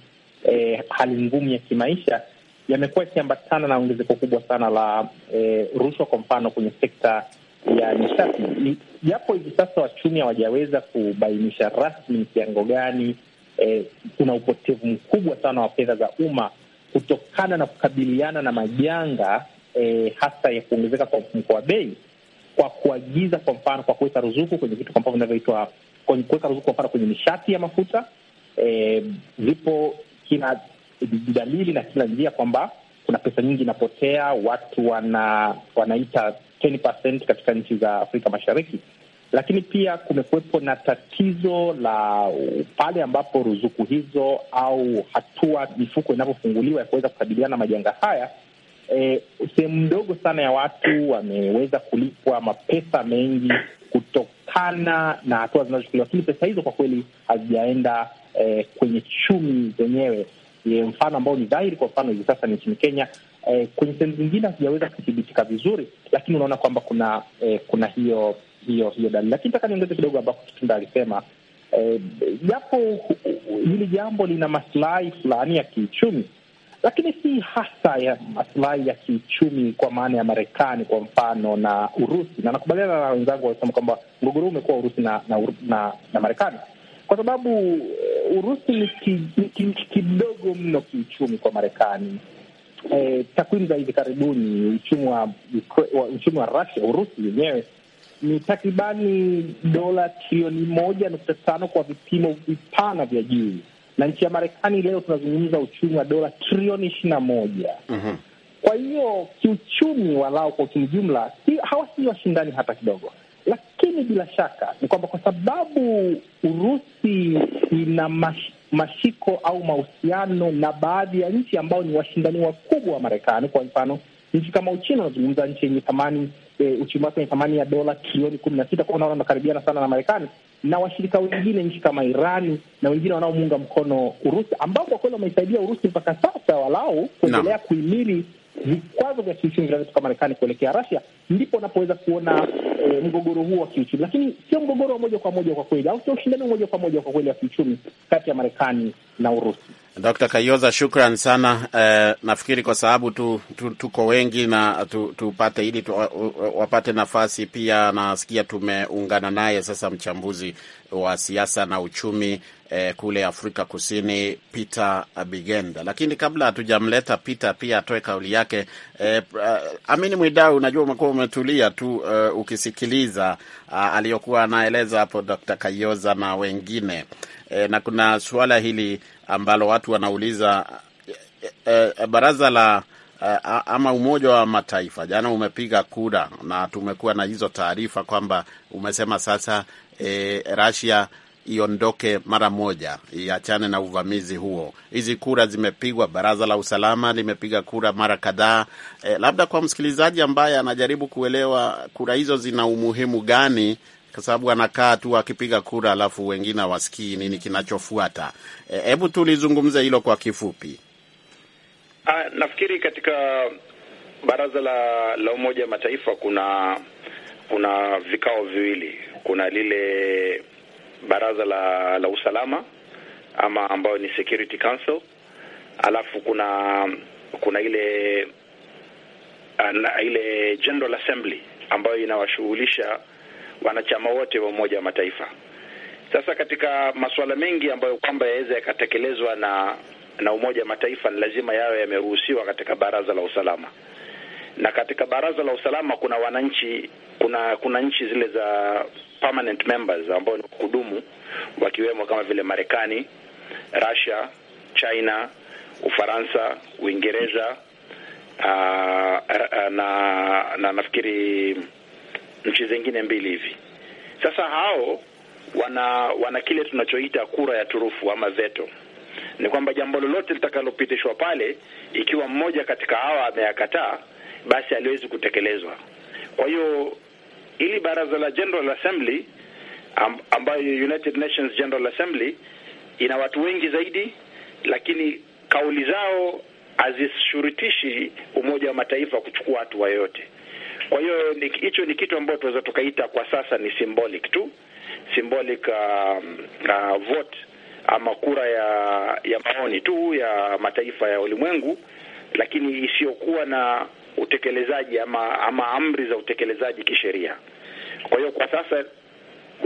eh, hali ngumu ya kimaisha, yamekuwa yakiambatana na ongezeko kubwa sana la eh, rushwa, kwa mfano kwenye sekta ya nishati, japo hivi sasa wachumi hawajaweza kubainisha rasmi kiango gani eh, kuna upotevu mkubwa sana wa fedha za umma kutokana na kukabiliana na majanga eh, hasa ya kuongezeka kwa mfumko wa bei kwa kuagiza, kwa mfano, kwa kuweka ruzuku kwenye vitu kwa vinavyoitwa kuweka ruzuku kwa mfano kwenye nishati ya mafuta. Eh, zipo eh, kina dalili na kila njia kwamba kuna pesa nyingi inapotea, watu wana, wanaita 10% katika nchi za Afrika Mashariki lakini pia kumekuwepo na tatizo la pale ambapo ruzuku hizo au hatua mifuko inavyofunguliwa ya kuweza kukabiliana na majanga haya. E, sehemu ndogo sana ya watu wameweza kulipwa mapesa mengi kutokana na hatua zinazochukuliwa, lakini pesa hizo kwa kweli hazijaenda e, kwenye chumi zenyewe. E, mfano ambao ni dhahiri, kwa mfano hivi sasa ni nchini Kenya. E, kwenye sehemu zingine hazijaweza kuthibitika vizuri, lakini unaona kwamba kuna e, kuna hiyo hiyo hiyo dalili. Lakini taka niongeze kidogo ambako Kitunda alisema eh, japo e, hili jambo lina masilahi fulani ya kiuchumi, lakini si hasa ya masilahi ya kiuchumi kwa maana ya Marekani kwa mfano na Urusi, na nakubaliana na wenzangu walisema kwamba mgogoro huu umekuwa Urusi na, na, na, na Marekani kwa sababu eh, Urusi ni nchi kidogo mno kiuchumi kwa Marekani. E, takwimu za hivi karibuni uchumi wa Russia, Urusi yenyewe ni takribani dola trilioni moja nukta tano kwa vipimo vipana vya juu, na nchi ya Marekani leo tunazungumza uchumi wa dola trilioni ishirini na moja. Mm-hmm. Kwa hiyo kiuchumi, walao kwa uchumi jumla, si hawa si washindani hata kidogo, lakini bila shaka ni kwamba kwa sababu Urusi ina mash, mashiko au mahusiano na baadhi ya nchi ambao ni washindani wakubwa wa Marekani, kwa mfano Nchi kama Uchina unazungumza nchi yenye thamani e, uchumi wake wenye thamani ya dola trilioni kumi na sita kwa unaona wanakaribiana sana na Marekani na washirika wengine nchi kama Irani na wengine wanaomuunga mkono Urusi, ambao kwa kweli wameisaidia Urusi mpaka sasa walau kuendelea no. kuhimili vikwazo vya kiuchumi vinavyotoka Marekani kuelekea Rasia, ndipo unapoweza kuona Eh, mgogoro huo wa kiuchumi, lakini sio mgogoro wa moja kwa moja kwa kweli, au sio ushindani wa moja kwa moja kwa kweli wa kiuchumi kati ya Marekani na Urusi. Dr. Kayoza, shukran sana. Eh, nafikiri kwa sababu tu, tu, tuko wengi na tu, tupate ili tu, wapate nafasi pia. Nasikia tumeungana naye sasa mchambuzi wa siasa na uchumi eh, kule Afrika Kusini Peter Bigenda, lakini kabla hatujamleta Peter pia atoe kauli yake eh, eh Amini Mwidau, unajua umekuwa umetulia tu uh, ukisikia kusikiliza uh, aliyokuwa anaeleza hapo Dr. Kayoza na wengine e, na kuna suala hili ambalo watu wanauliza e, e, baraza la Uh, ama Umoja wa Mataifa jana umepiga kura na tumekuwa na hizo taarifa kwamba umesema sasa, e, Russia iondoke mara moja, iachane na uvamizi huo. Hizi kura zimepigwa, baraza la usalama limepiga kura mara kadhaa. E, labda kwa msikilizaji ambaye anajaribu kuelewa kura hizo zina umuhimu gani, kwa sababu anakaa tu akipiga kura alafu wengine hawasikii nini kinachofuata. Eh, hebu e, tulizungumze hilo kwa kifupi. A, ah, nafikiri katika baraza la, la Umoja Mataifa kuna kuna vikao viwili, kuna lile baraza la, la usalama ama ambayo ni Security Council, alafu kuna kuna ile uh, ile General Assembly ambayo inawashughulisha wanachama wote wa Umoja wa Mataifa. Sasa katika masuala mengi ambayo kwamba yaweza yakatekelezwa na na Umoja wa Mataifa ni lazima yawe yameruhusiwa katika Baraza la Usalama, na katika Baraza la Usalama kuna wananchi, kuna kuna nchi zile za permanent members ambao ni kudumu wakiwemo kama vile Marekani, Russia, China, Ufaransa, Uingereza na, ah, na, na nafikiri nchi zingine mbili hivi. Sasa hao wana wana kile tunachoita kura ya turufu ama veto. Ni kwamba jambo lolote litakalopitishwa pale, ikiwa mmoja katika hawa ameyakataa, basi haliwezi kutekelezwa. Kwa hiyo ili baraza la General Assembly ambayo United Nations General Assembly ina watu wengi zaidi, lakini kauli zao hazishurutishi Umoja wa Mataifa kuchukua hatua yoyote. Kwa hiyo hicho ni kitu ambacho tunaweza tukaita kwa sasa ni symbolic tu, symbolic uh, uh, vote ama kura ya ya maoni tu ya mataifa ya ulimwengu, lakini isiyokuwa na utekelezaji ama, ama amri za utekelezaji kisheria. Kwa hiyo kwa sasa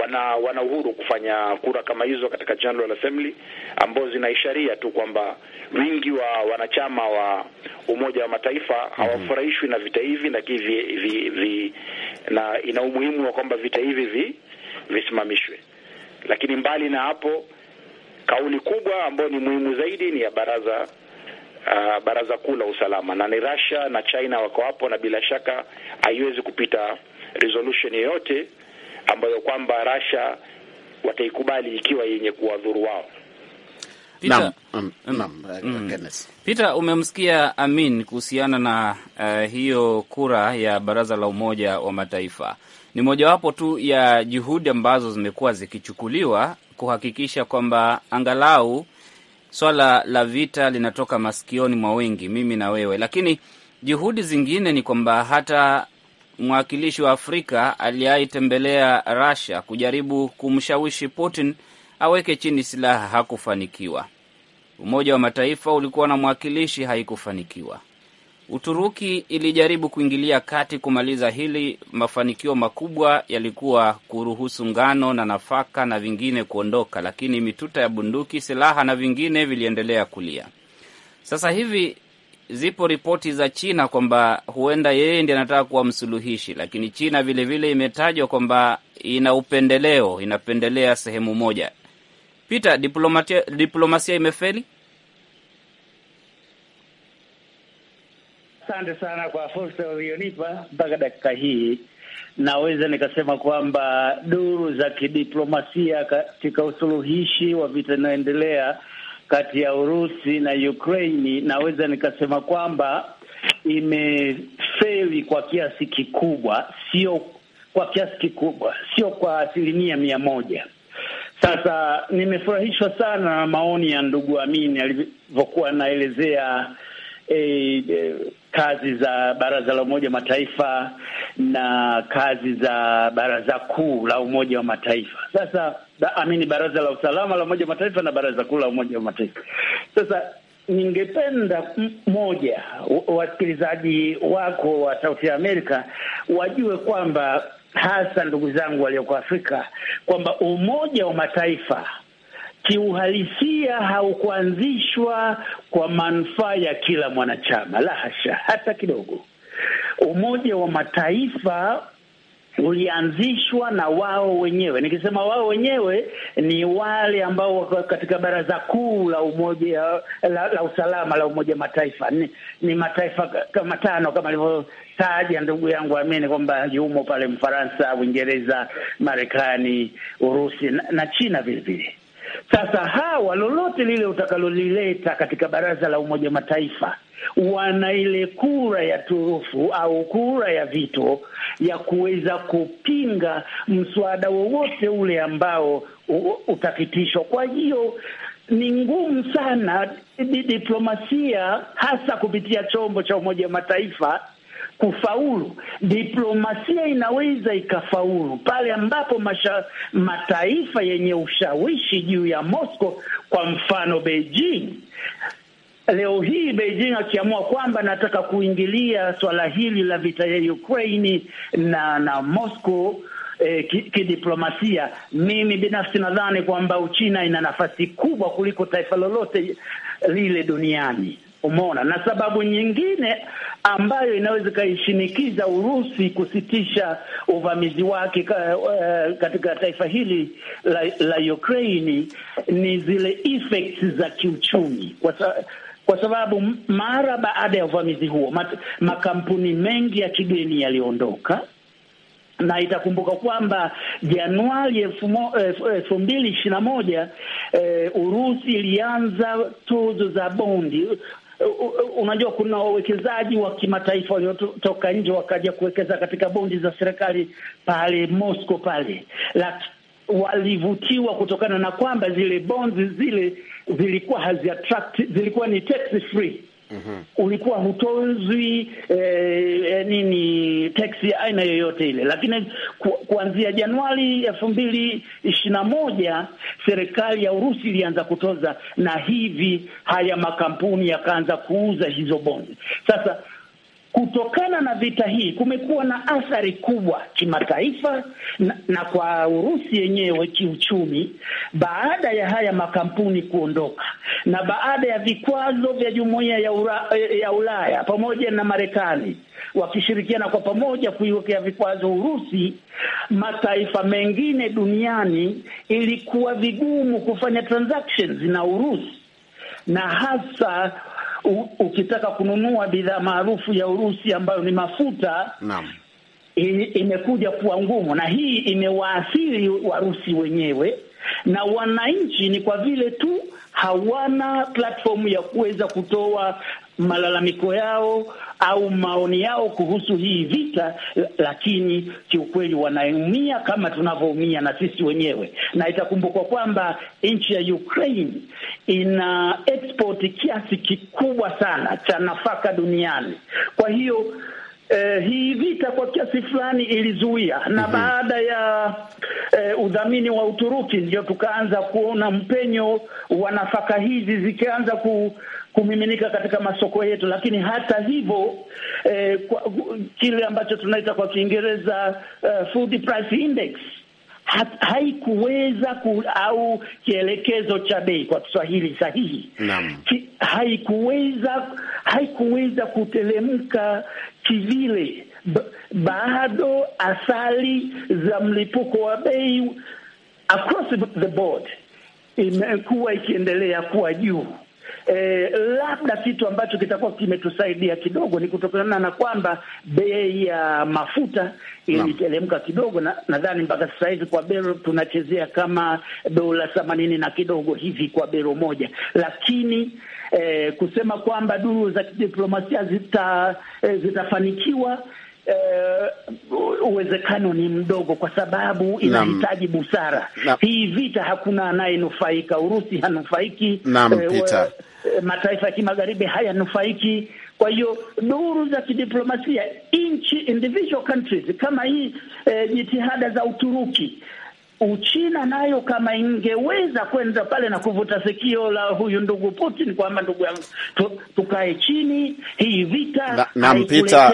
wana wana uhuru kufanya kura kama hizo katika General Assembly ambazo zinaisharia tu kwamba wingi wa wanachama wa Umoja wa Mataifa mhm. hawafurahishwi na vita hivi na kivi, vi, vi, na ina umuhimu wa kwamba vita hivi vi, visimamishwe. Lakini mbali na hapo, kauli kubwa ambayo ni muhimu zaidi ni ya baraza uh, Baraza Kuu la Usalama, na ni Russia na China wako hapo, na bila shaka haiwezi kupita resolution yoyote ambayo kwamba Russia wataikubali ikiwa yenye kuwadhuru wao. Peter, um, um, mm, uh, mm. Peter umemsikia Amin kuhusiana na uh, hiyo kura ya Baraza la Umoja wa Mataifa. Ni mojawapo tu ya juhudi ambazo zimekuwa zikichukuliwa kuhakikisha kwamba angalau swala la vita linatoka masikioni mwa wengi, mimi na wewe, lakini juhudi zingine ni kwamba hata mwakilishi wa Afrika aliyeitembelea Russia kujaribu kumshawishi Putin aweke chini silaha hakufanikiwa. Umoja wa Mataifa ulikuwa na mwakilishi, haikufanikiwa. Uturuki ilijaribu kuingilia kati kumaliza hili. Mafanikio makubwa yalikuwa kuruhusu ngano na nafaka na vingine kuondoka, lakini mituta ya bunduki, silaha na vingine viliendelea kulia. Sasa hivi zipo ripoti za China kwamba huenda yeye ndiye anataka kuwa msuluhishi, lakini China vilevile imetajwa kwamba ina upendeleo, inapendelea sehemu moja. Peter, diplomasia, diplomasia imefeli Asante sana kwa fursa ulionipa mpaka dakika hii. Naweza nikasema kwamba duru za kidiplomasia katika usuluhishi wa vita inayoendelea kati ya Urusi na Ukraini, naweza nikasema kwamba imefeli kwa kiasi kikubwa, sio kwa kiasi kikubwa, sio kwa asilimia mia moja. Sasa nimefurahishwa sana na maoni ya ndugu amin alivyokuwa anaelezea E, e, kazi za Baraza la Umoja wa Mataifa na kazi za Baraza Kuu la Umoja wa Mataifa. Sasa amini, Baraza la Usalama la Umoja wa Mataifa na Baraza Kuu la Umoja wa Mataifa. Sasa ningependa moja, wasikilizaji wako wa Sauti ya Amerika wajue kwamba hasa ndugu zangu walioko Afrika kwamba Umoja wa Mataifa kiuhalisia haukuanzishwa kwa manufaa ya kila mwanachama, la hasha, hata kidogo. Umoja wa Mataifa ulianzishwa na wao wenyewe. Nikisema wao wenyewe ni wale ambao wako katika baraza kuu la umoja la, la usalama la Umoja Mataifa. Ni, ni mataifa kama tano kama alivyotaja ndugu yangu Amini kwamba yumo pale Mfaransa, Uingereza, Marekani, Urusi na, na China vilevile. Sasa hawa lolote lile utakalolileta katika Baraza la Umoja Mataifa wana ile kura ya turufu au kura ya vito ya kuweza kupinga mswada wowote ule ambao utapitishwa. Kwa hiyo ni ngumu sana diplomasia, hasa kupitia chombo cha Umoja wa Mataifa kufaulu. Diplomasia inaweza ikafaulu pale ambapo masha, mataifa yenye ushawishi juu ya Moscow, kwa mfano Beijing. Leo hii Beijing akiamua kwamba nataka kuingilia swala hili la vita ya Ukraini na na Moscow eh, kidiplomasia ki mimi binafsi nadhani kwamba Uchina ina nafasi kubwa kuliko taifa lolote lile duniani. Umeona, na sababu nyingine ambayo inaweza ikaishinikiza Urusi kusitisha uvamizi wake ka, uh, katika taifa hili la, la Ukraini ni zile effects za kiuchumi kwa kwa sababu mara baada ya uvamizi huo mat, makampuni mengi ya kigeni yaliondoka, na itakumbuka kwamba Januari elfu mbili ishirini na moja eh, Urusi ilianza tozo za bondi unajua kuna wawekezaji wa kimataifa waliotoka nje wakaja kuwekeza katika bondi za serikali pale Moscow pale, lakini walivutiwa kutokana na kwamba zile bonds zile zilikuwa haziattract, zilikuwa ni tax free -hmm. ulikuwa hutozwi e, nini teksi ya aina yoyote ile, lakini ku, kuanzia Januari elfu mbili ishirini na moja serikali ya Urusi ilianza kutoza, na hivi haya makampuni yakaanza kuuza hizo bondi sasa Kutokana na vita hii kumekuwa na athari kubwa kimataifa na, na kwa Urusi yenyewe kiuchumi, baada ya haya makampuni kuondoka na baada ya vikwazo vya jumuiya ya, ura, ya Ulaya pamoja na Marekani wakishirikiana kwa pamoja kuiwekea vikwazo Urusi, mataifa mengine duniani ilikuwa vigumu kufanya transactions na Urusi na hasa ukitaka kununua bidhaa maarufu ya Urusi ambayo ni mafuta naam, imekuja kuwa ngumu, na hii imewaathiri Warusi wenyewe na wananchi, ni kwa vile tu hawana platform ya kuweza kutoa malalamiko yao au maoni yao kuhusu hii vita, lakini kiukweli wanaumia kama tunavyoumia na sisi wenyewe, na itakumbukwa kwamba nchi ya Ukraine ina export kiasi kikubwa sana cha nafaka duniani. Kwa hiyo Eh, hii vita kwa kiasi fulani ilizuia na mm -hmm. Baada ya eh, udhamini wa Uturuki ndio tukaanza kuona mpenyo wa nafaka hizi zikianza ku, kumiminika katika masoko yetu, lakini hata hivyo eh, kile ambacho tunaita kwa Kiingereza uh, food price index haikuweza ku, au kielekezo cha bei kwa Kiswahili sahihi ki, haikuweza haikuweza kutelemka kivile. Bado athari za mlipuko wa bei across the board imekuwa ikiendelea kuwa juu eh, labda kitu ambacho kitakuwa kimetusaidia kidogo ni kutokana na kwamba bei ya mafuta iliteremka kidogo, na nadhani mpaka sasa hivi kwa bero tunachezea kama dola themanini na kidogo hivi kwa bero moja, lakini eh, kusema kwamba duru za kidiplomasia zita, eh, zitafanikiwa uh, uwezekano ni mdogo, kwa sababu inahitaji busara. Hii vita hakuna anayenufaika, Urusi hanufaiki, uh, mataifa ya kimagharibi hayanufaiki. Kwa hiyo duru za kidiplomasia, nchi individual countries kama hii eh, jitihada za Uturuki Uchina nayo kama ingeweza kwenda pale na kuvuta sikio la huyu ndugu Putin kwamba ndugu yangu tukae chini, hii vita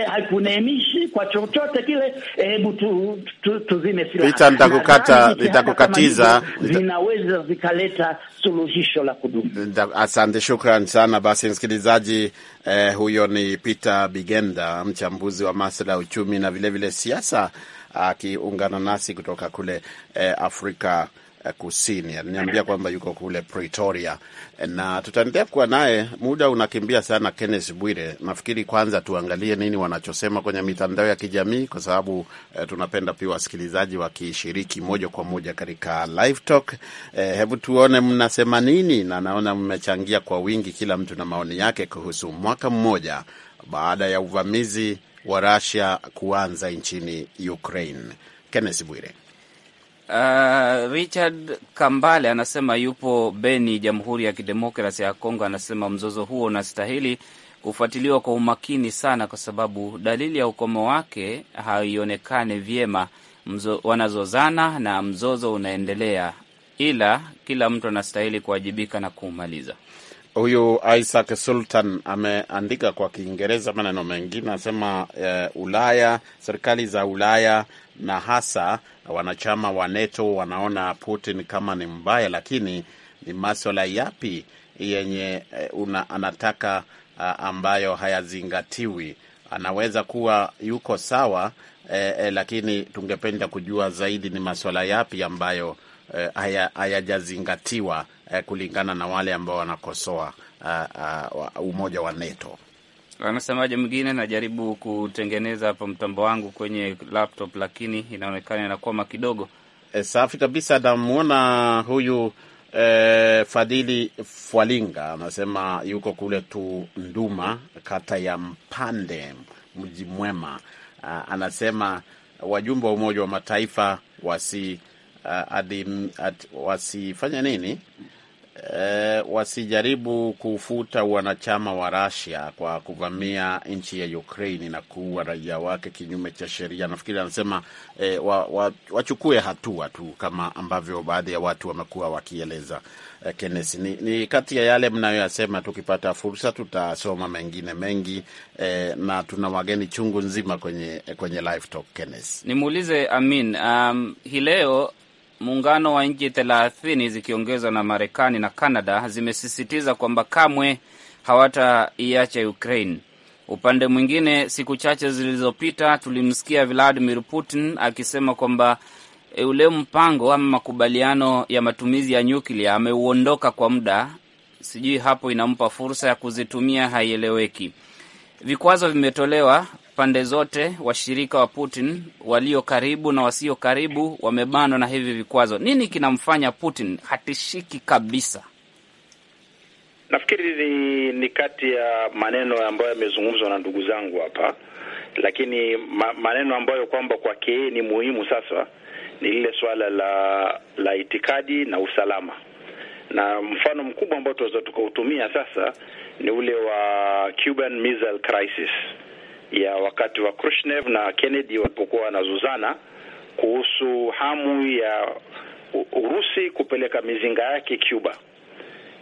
haikuneemishi kwa chochote kile, hebu tu, tu, tuzime silaha. Nitakukata, nitakukatiza, zinaweza zikaleta suluhisho la kudumu. Asante, shukran sana. Basi msikilizaji, eh, huyo ni Peter Bigenda, mchambuzi wa masuala ya uchumi na vilevile vile siasa akiungana nasi kutoka kule e, Afrika eh, Kusini. Aliniambia kwamba yuko kule Pretoria, na tutaendelea kuwa naye. Muda unakimbia sana, Kenneth Bwire. Nafikiri kwanza tuangalie nini wanachosema kwenye mitandao ya kijamii, kwa sababu e, tunapenda pia wasikilizaji wakishiriki moja kwa moja katika live talk. Eh, hebu tuone mnasema nini, na naona mmechangia kwa wingi, kila mtu na maoni yake kuhusu mwaka mmoja baada ya uvamizi wa Russia kuanza nchini Ukraine. Kenneth Bwire. Uh, Richard Kambale anasema yupo Beni, Jamhuri ya Kidemokrasia ya Kongo. Anasema mzozo huo unastahili kufuatiliwa kwa umakini sana, kwa sababu dalili ya ukomo wake haionekane vyema. wanazozana na mzozo unaendelea, ila kila mtu anastahili kuwajibika na kuumaliza. Huyu Isaac Sultan ameandika kwa Kiingereza maneno mengine, anasema uh, Ulaya, serikali za Ulaya na hasa wanachama wa NATO wanaona Putin kama ni mbaya, lakini ni maswala yapi yenye eh, una, anataka uh, ambayo hayazingatiwi? Anaweza kuwa yuko sawa eh, eh, lakini tungependa kujua zaidi ni maswala yapi ambayo Eh, hayajazingatiwa eh, kulingana na wale ambao wanakosoa uh, uh, umoja wa NATO. anasemaji Mwingine najaribu kutengeneza hapo mtambo wangu kwenye laptop, lakini inaonekana inakwama kidogo. E, safi kabisa. Namwona huyu e, Fadhili Fwalinga anasema yuko kule tu Nduma, kata ya Mpande, mji mwema. Ah, anasema wajumbe wa Umoja wa Mataifa wasi Uh, adhim, at, wasifanya nini uh, wasijaribu kufuta wanachama wa Russia kwa kuvamia nchi ya Ukraine na kuua raia wake kinyume cha sheria. Nafikiri anasema eh, wa, wa, wachukue hatua tu kama ambavyo baadhi ya watu wamekuwa wakieleza. E, ni, ni kati ya yale mnayoyasema. Tukipata fursa tutasoma mengine mengi e, na tuna wageni chungu nzima kwenye, kwenye live talk. nimuulize Amin, um, hii leo muungano wa nchi thelathini zikiongezwa na Marekani na canada zimesisitiza kwamba kamwe hawataiacha Ukraine. Upande mwingine, siku chache zilizopita tulimsikia Vladimir Putin akisema kwamba eh, ule mpango ama makubaliano ya matumizi ya nyuklia ameuondoka kwa muda. Sijui hapo inampa fursa ya kuzitumia, haieleweki. Vikwazo vimetolewa pande zote washirika wa Putin walio karibu na wasio karibu wamebanwa na hivi vikwazo. Nini kinamfanya Putin hatishiki kabisa? Nafikiri ni, ni kati ya maneno ambayo yamezungumzwa na ndugu zangu hapa, lakini ma, maneno ambayo kwamba kwake yeye ni muhimu sasa ni lile suala la la itikadi na usalama, na mfano mkubwa ambao tunaweza tukautumia sasa ni ule wa Cuban Missile Crisis ya wakati wa Khrushchev na Kennedy walipokuwa wanazuzana kuhusu hamu ya Urusi kupeleka mizinga yake Cuba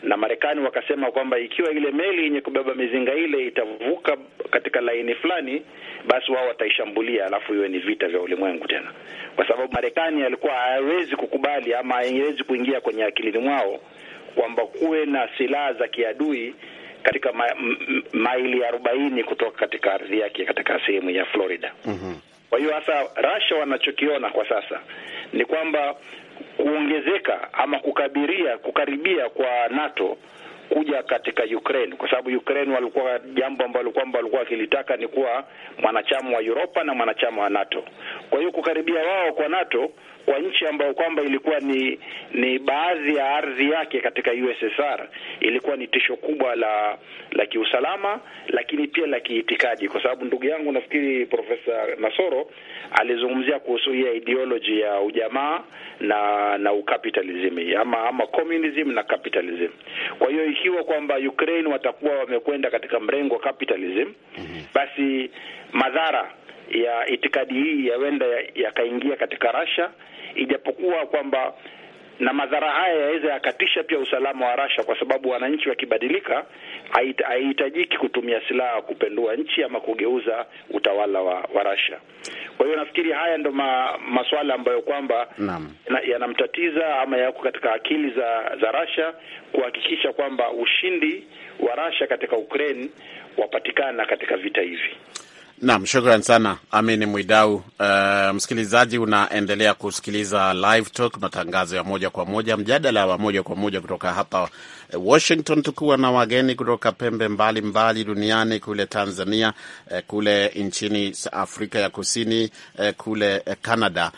na Marekani wakasema kwamba ikiwa ile meli yenye kubeba mizinga ile itavuka katika laini fulani, basi wao wataishambulia, alafu iwe ni vita vya ulimwengu tena, kwa sababu Marekani alikuwa hawezi kukubali ama haiwezi kuingia kwenye akilini mwao kwamba kuwe na silaha za kiadui katika ma, m, maili arobaini kutoka katika ardhi yake katika sehemu ya Florida. Mm-hmm. Kwa hiyo hasa Russia wanachokiona kwa sasa ni kwamba kuongezeka ama kukabiria kukaribia kwa NATO kuja katika Ukraine kwa sababu Ukraine walikuwa jambo ambalo kwamba walikuwa wakilitaka ni kuwa mwanachama wa Europa na mwanachama wa NATO. Kwa hiyo kukaribia wao kwa NATO wa nchi ambayo kwamba ilikuwa ni ni baadhi ya ardhi yake katika USSR ilikuwa ni tisho kubwa la la kiusalama, lakini pia la kiitikadi, kwa sababu ndugu yangu nafikiri Profesa Nasoro alizungumzia kuhusu hii ideology ya ujamaa na na ukapitalism ama ama communism na capitalism. Kwa hiyo ikiwa kwamba Ukraine watakuwa wamekwenda katika mrengo wa capitalism, mhm. basi madhara ya itikadi hii yawenda yakaingia katika Russia ijapokuwa kwamba na madhara haya yaweza yakatisha pia usalama wa Rasha kwa sababu wananchi wakibadilika, haihitajiki kutumia silaha kupendua nchi ama kugeuza utawala wa, wa Rasha. Kwa hiyo nafikiri haya ndo ma, masuala ambayo kwamba yanamtatiza ama yako katika akili za, za Rasha kuhakikisha kwamba ushindi wa Rasha katika Ukraine wapatikana katika vita hivi. Nam, shukran sana Amin Mwidau. Uh, msikilizaji, unaendelea kusikiliza Live Talk, matangazo ya moja kwa moja, mjadala wa moja kwa moja kutoka hapa Washington, tukuwa na wageni kutoka pembe mbalimbali mbali duniani, kule Tanzania, eh, kule nchini Afrika ya Kusini, eh, kule eh, Canada.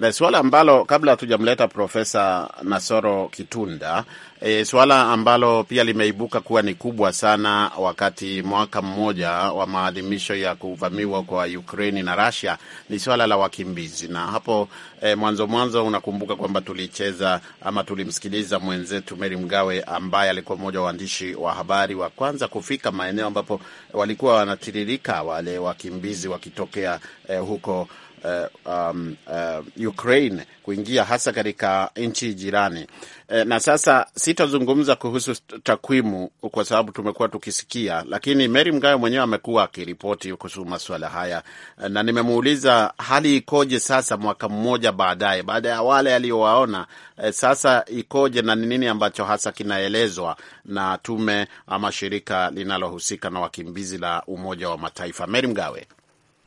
Na suala ambalo kabla hatujamleta Profesa Nasoro Kitunda, e, ambalo pia limeibuka kuwa ni kubwa sana wakati mwaka mmoja wa maadhimisho ya kuvamiwa kwa Ukraini na Russia ni suala la wakimbizi, na hapo eh, mwanzo mwanzo unakumbuka kwamba tulicheza ama tulimsikiliza mwenzetu Meri Mgawe ambaye alikuwa mmoja wa waandishi wa habari wa kwanza kufika maeneo ambapo walikuwa wanatiririka wale wakimbizi wakitokea eh, huko uh, um, uh, Ukraine kuingia hasa katika nchi jirani uh, na sasa sitazungumza kuhusu takwimu kwa sababu tumekuwa tukisikia, lakini Mary Mgayo mwenyewe amekuwa akiripoti kuhusu masuala haya uh, na nimemuuliza hali ikoje sasa mwaka mmoja baadaye, baada ya wale aliyowaona uh, sasa ikoje na ni nini ambacho hasa kinaelezwa na tume ama shirika linalohusika na wakimbizi la Umoja wa Mataifa. Mary Mgawe.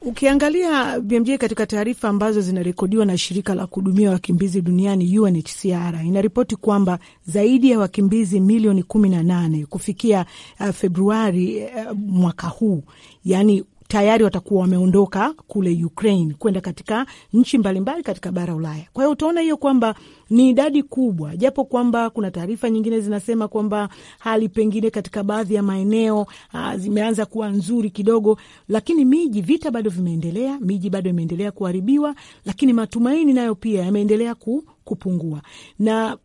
Ukiangalia BMJ katika taarifa ambazo zinarekodiwa na shirika la kuhudumia wakimbizi duniani UNHCR inaripoti kwamba zaidi ya wakimbizi milioni kumi na nane kufikia uh, Februari uh, mwaka huu, yaani tayari watakuwa wameondoka kule Ukraine kwenda katika nchi mbalimbali katika bara Ulaya. Kwa hiyo utaona hiyo kwamba ni idadi kubwa, japo kwamba kuna taarifa nyingine zinasema kwamba hali pengine katika baadhi ya maeneo ah, zimeanza kuwa nzuri kidogo, lakini miji, vita bado vimeendelea, miji bado imeendelea kuharibiwa, lakini matumaini nayo pia yameendelea ku, kupungua na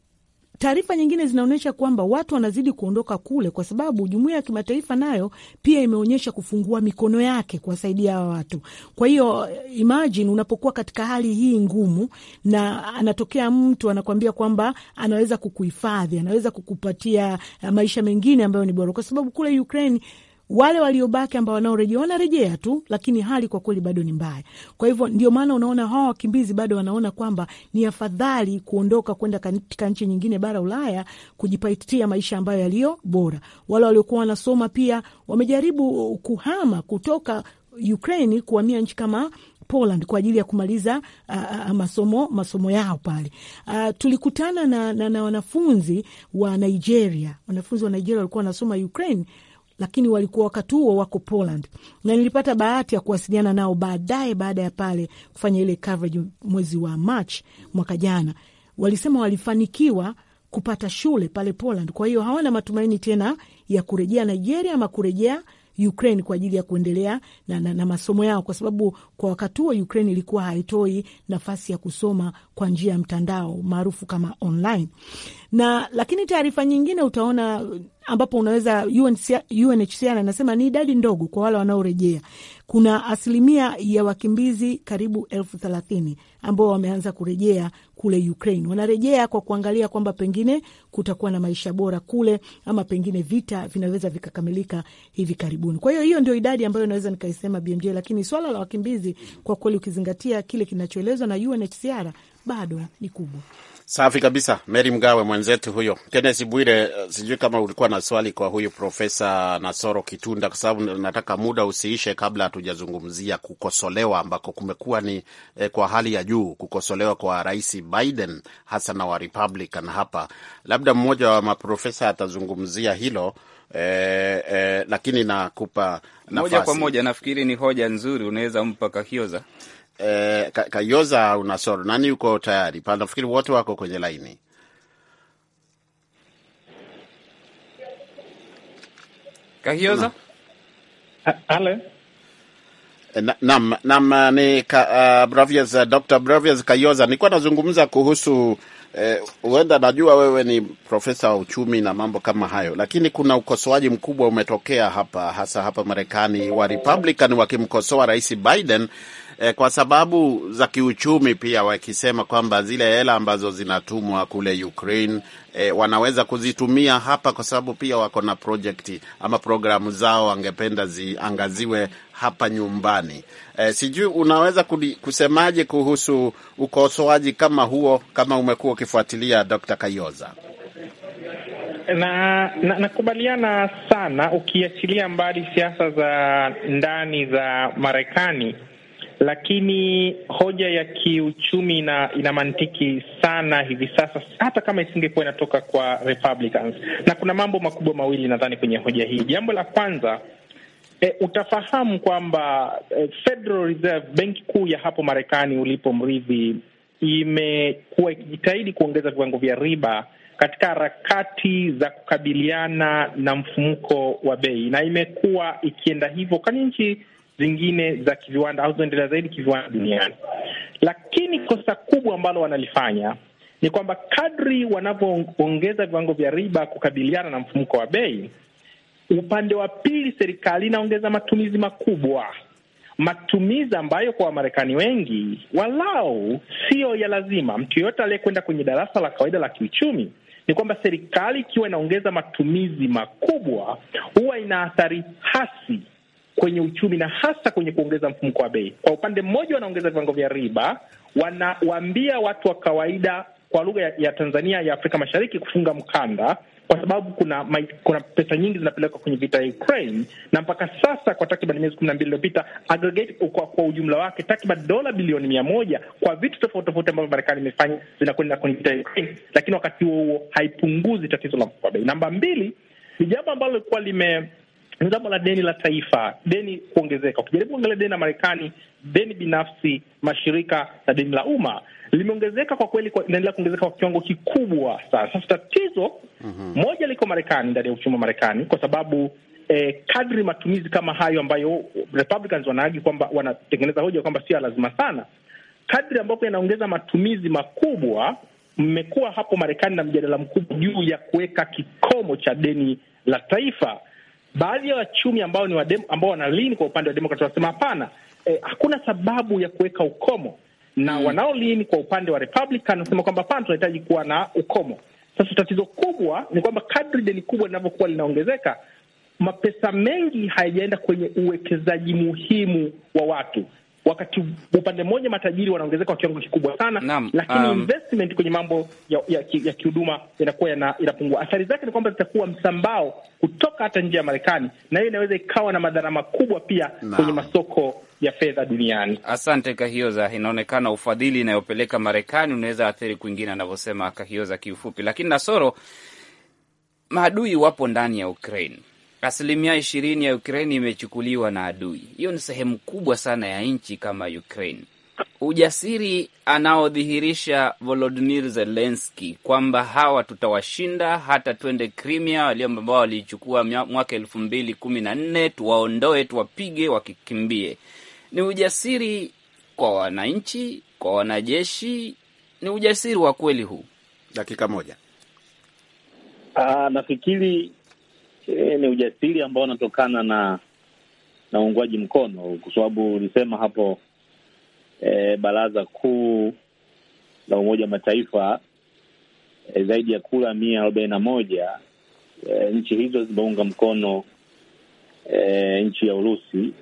Taarifa nyingine zinaonyesha kwamba watu wanazidi kuondoka kule, kwa sababu jumuiya ya kimataifa nayo pia imeonyesha kufungua mikono yake kuwasaidia hawa watu. Kwa hiyo imagine, unapokuwa katika hali hii ngumu na anatokea mtu anakwambia kwamba anaweza kukuhifadhi, anaweza kukupatia eh, maisha mengine ambayo ni bora, kwa sababu kule Ukraine wale waliobaki ambao wanaorejea wanarejea tu, lakini hali kwa kweli bado ni mbaya. Kwa hivyo ndio maana unaona hawa wakimbizi bado wanaona kwamba ni afadhali kuondoka kwenda katika nchi nyingine bara Ulaya kujipatia maisha ambayo yaliyo bora. Wale waliokuwa wanasoma pia wamejaribu uh, kuhama kutoka Ukraini kuhamia nchi kama Poland kwa ajili ya kumaliza uh, uh, masomo masomo yao pale. Uh, tulikutana na, na, na wanafunzi wa Nigeria. Wanafunzi wa Nigeria walikuwa wanasoma Ukraine lakini walikuwa wakati huo wako Poland, na nilipata bahati ya kuwasiliana nao baadaye, baada ya pale kufanya ile coverage mwezi wa March mwaka jana. Walisema walifanikiwa kupata shule pale Poland, kwa hiyo hawana matumaini tena ya kurejea Nigeria ama kurejea Ukraine kwa ajili ya kuendelea na, na, na masomo yao, kwa sababu kwa wakati huo Ukraine ilikuwa haitoi nafasi ya kusoma kwa njia ya mtandao maarufu kama online na lakini taarifa nyingine utaona ambapo unaweza UNHCR anasema ni idadi ndogo kwa wale wanaorejea. Kuna asilimia ya wakimbizi karibu elfu thelathini ambao wameanza kurejea kule Ukraine. Wanarejea kwa kuangalia kwamba pengine kutakuwa na maisha bora kule, ama pengine vita vinaweza vikakamilika hivi karibuni. Kwa hiyo hiyo ndio idadi ambayo naweza nikaisema BMJ, lakini swala la wakimbizi kwa kweli, ukizingatia kile kinachoelezwa na UNHCR bado ni kubwa. Safi kabisa, Mary Mgawe mwenzetu huyo. Kenneth Bwire, eh, sijui kama ulikuwa na swali kwa huyu Profesa Nasoro Kitunda, kwa sababu nataka muda usiishe kabla hatujazungumzia kukosolewa ambako kumekuwa ni eh, kwa hali ya juu kukosolewa kwa Rais Biden hasa na wa hapa. Labda mmoja wa maprofesa atazungumzia hilo eh, eh, lakini nakupa nafasi moja kwa moja. Nafikiri ni hoja nzuri, unaweza mpaka kioza eh, Kayoza Unasoro, nani yuko tayari Pa, Nafikiri wote wako kwenye laini. Kayoza ale eh, Naam, naam, ni ka, uh, Bravias, uh, Dr. Bravias Kayoza, nilikuwa nazungumza kuhusu eh, huenda eh, najua wewe ni profesa wa uchumi na mambo kama hayo, lakini kuna ukosoaji mkubwa umetokea hapa, hasa hapa Marekani, wa Republican wakimkosoa Rais Biden eh, kwa sababu za kiuchumi pia, wakisema kwamba zile hela ambazo zinatumwa kule Ukraine eh, wanaweza kuzitumia hapa, kwa sababu pia wako na projekti ama programu zao wangependa ziangaziwe hapa nyumbani. Eh, sijui unaweza kusemaje kuhusu ukosoaji kama huo, kama umekuwa ukifuatilia Dr. Kayoza? Na, na nakubaliana sana ukiachilia mbali siasa za ndani za Marekani lakini hoja ya kiuchumi ina, ina mantiki sana hivi sasa, hata kama isingekuwa inatoka kwa Republicans. Na kuna mambo makubwa mawili nadhani kwenye hoja hii. Jambo la kwanza E, utafahamu kwamba e, Federal Reserve benki kuu ya hapo Marekani ulipo mridhi, imekuwa ikijitahidi kuongeza viwango vya riba katika harakati za kukabiliana na mfumuko wa bei, na imekuwa ikienda hivyo kwenye nchi zingine za kiviwanda au zinaendelea zaidi kiviwanda duniani. Lakini kosa kubwa ambalo wanalifanya ni kwamba kadri wanavyoongeza viwango vya riba kukabiliana na mfumuko wa bei, upande wa pili, serikali inaongeza matumizi makubwa, matumizi ambayo kwa Wamarekani wengi walau siyo ya lazima. Mtu yeyote aliyekwenda kwenye darasa la kawaida la kiuchumi ni kwamba serikali ikiwa inaongeza matumizi makubwa, huwa ina athari hasi kwenye uchumi na hasa kwenye kuongeza mfumko wa bei. Kwa upande mmoja, wanaongeza viwango vya riba, wanawaambia watu wa kawaida kwa lugha ya, ya Tanzania ya Afrika Mashariki kufunga mkanda kwa sababu kuna ma, kuna pesa nyingi zinapelekwa kwenye vita ya Ukraine na mpaka sasa kwa takriban miezi kumi na mbili iliyopita aggregate kwa, kwa ujumla wake takriban dola bilioni mia moja kwa vitu tofauti tofauti ambavyo Marekani imefanya zinakwenda kwenye vita ya Ukraine, lakini wakati huo huo haipunguzi tatizo la mfumuko wa bei. Namba mbili ni jambo ambalo lilikuwa lime ni jambo la deni la taifa, deni kuongezeka. Ukijaribu kuangalia deni la Marekani, deni binafsi, mashirika na deni la umma limeongezeka kwa kweli, inaendelea kuongezeka kwa kiwango kikubwa sana. Sasa tatizo mm -hmm. moja liko Marekani, ndani ya uchumi wa Marekani, kwa sababu eh, kadri matumizi kama hayo ambayo Republicans wanaagi kwamba wanatengeneza hoja kwamba sio lazima sana, kadri ambapo yanaongeza matumizi makubwa, mmekuwa hapo Marekani na mjadala mkubwa juu ya kuweka kikomo cha deni la taifa baadhi ya wachumi ambao ni wadem, ambao wanalini kwa upande wa Demokrat wanasema hapana, eh, hakuna sababu ya kuweka ukomo na mm. wanaolini kwa upande wa Republican wanasema kwamba hapana, tunahitaji kuwa na ukomo. Sasa tatizo kubwa ni kwamba kadri deni kubwa linavyokuwa linaongezeka, mapesa mengi hayajaenda kwenye uwekezaji muhimu wa watu wakati upande mmoja matajiri wanaongezeka kwa kiwango kikubwa sana Naam, lakini um, investment kwenye mambo ya, ya, ya kihuduma inakuwa inapungua. Athari zake ni kwamba zitakuwa msambao kutoka hata nje ya Marekani, na hiyo inaweza ikawa na madhara makubwa pia Naam, kwenye masoko ya fedha duniani. Asante Kahioza, inaonekana ufadhili inayopeleka Marekani unaweza athiri kwingine, anavyosema Kahioza kiufupi. Lakini Nasoro, maadui wapo ndani ya Ukraine asilimia ishirini ya Ukraine imechukuliwa na adui. Hiyo ni sehemu kubwa sana ya nchi kama Ukraine. Ujasiri anaodhihirisha Volodimir Zelenski kwamba hawa tutawashinda, hata twende Crimea walio ambao waliichukua mwaka elfu mbili kumi na nne, tuwaondoe, tuwapige, wakikimbie, ni ujasiri kwa wananchi, kwa wanajeshi, ni ujasiri wa kweli huu. Dakika moja. Aa, ah, nafikiri e, ni ujasiri ambao unatokana na na uungwaji mkono, kwa sababu ulisema hapo e, baraza kuu la Umoja wa Mataifa e, zaidi ya kura mia arobaini na moja e, nchi hizo zimeunga mkono e, nchi ya Urusi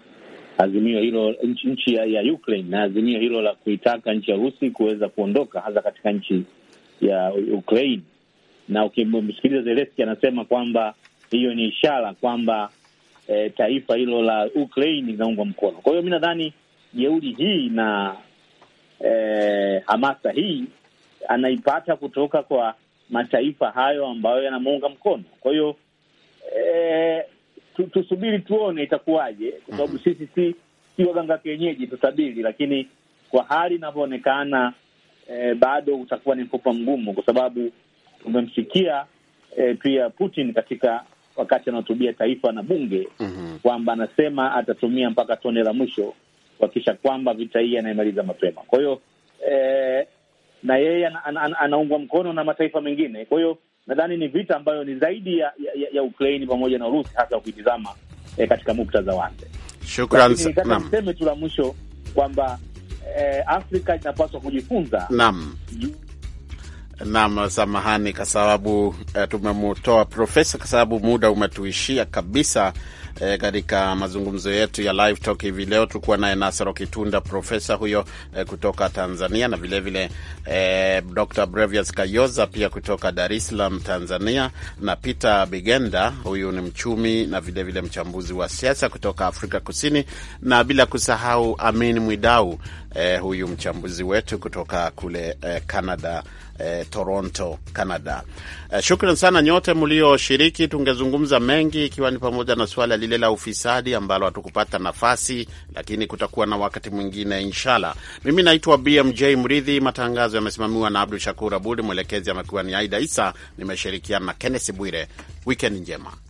azimio hilo nchi, nchi ya, ya Ukraine na azimio hilo la kuitaka nchi ya Urusi kuweza kuondoka hasa katika nchi ya Ukraine. Na ukimsikiliza Zelenski anasema kwamba hiyo ni ishara kwamba e, taifa hilo la Ukraine linaungwa mkono. Kwa hiyo mi nadhani jeuri hii na e, hamasa hii anaipata kutoka kwa mataifa hayo ambayo yanamuunga mkono. Kwa hiyo e, tusubiri tuone itakuwaje, kwa sababu mhm. sisi si si waganga kienyeji, tutabiri, lakini kwa hali inavyoonekana e, bado utakuwa ni mkopa mgumu, kwa sababu tumemsikia e, pia Putin katika wakati anahutubia taifa na bunge mm -hmm. kwamba anasema atatumia mpaka tone la mwisho kuhakikisha kwamba vita hii anaimaliza mapema. Kwa hiyo eh, na yeye an, an, an, anaungwa mkono na mataifa mengine. Kwa hiyo nadhani ni vita ambayo ni zaidi ya, ya, ya Ukraini pamoja na Urusi, hasa ukitizama eh, katika muktadha wake. Shukran. Niseme tu la mwisho kwamba eh, Afrika inapaswa kujifunza naam Nam, samahani kwa sababu uh, eh, tumemutoa profesa kwa sababu muda umetuishia kabisa e, katika mazungumzo yetu ya live talk hivi leo tukuwa naye Nasaro Kitunda, profesa huyo e, kutoka Tanzania na vilevile vile, e, eh, Dr. Brevius Kayoza pia kutoka Dar es Salaam Tanzania, na Peter Bigenda, huyu ni mchumi na vilevile vile mchambuzi wa siasa kutoka Afrika Kusini, na bila kusahau Amin Mwidau e, huyu mchambuzi wetu kutoka kule e, Canada Eh, Toronto, Canada. Eh, shukran sana nyote mlioshiriki. Tungezungumza mengi ikiwa ni pamoja na swala lile la ufisadi ambalo hatukupata nafasi, lakini kutakuwa na wakati mwingine inshallah. Mimi naitwa BMJ Mridhi. Matangazo yamesimamiwa na Abdu Shakur Abud, mwelekezi amekuwa ni Aida Isa, nimeshirikiana na Kennes Bwire. wikend njema.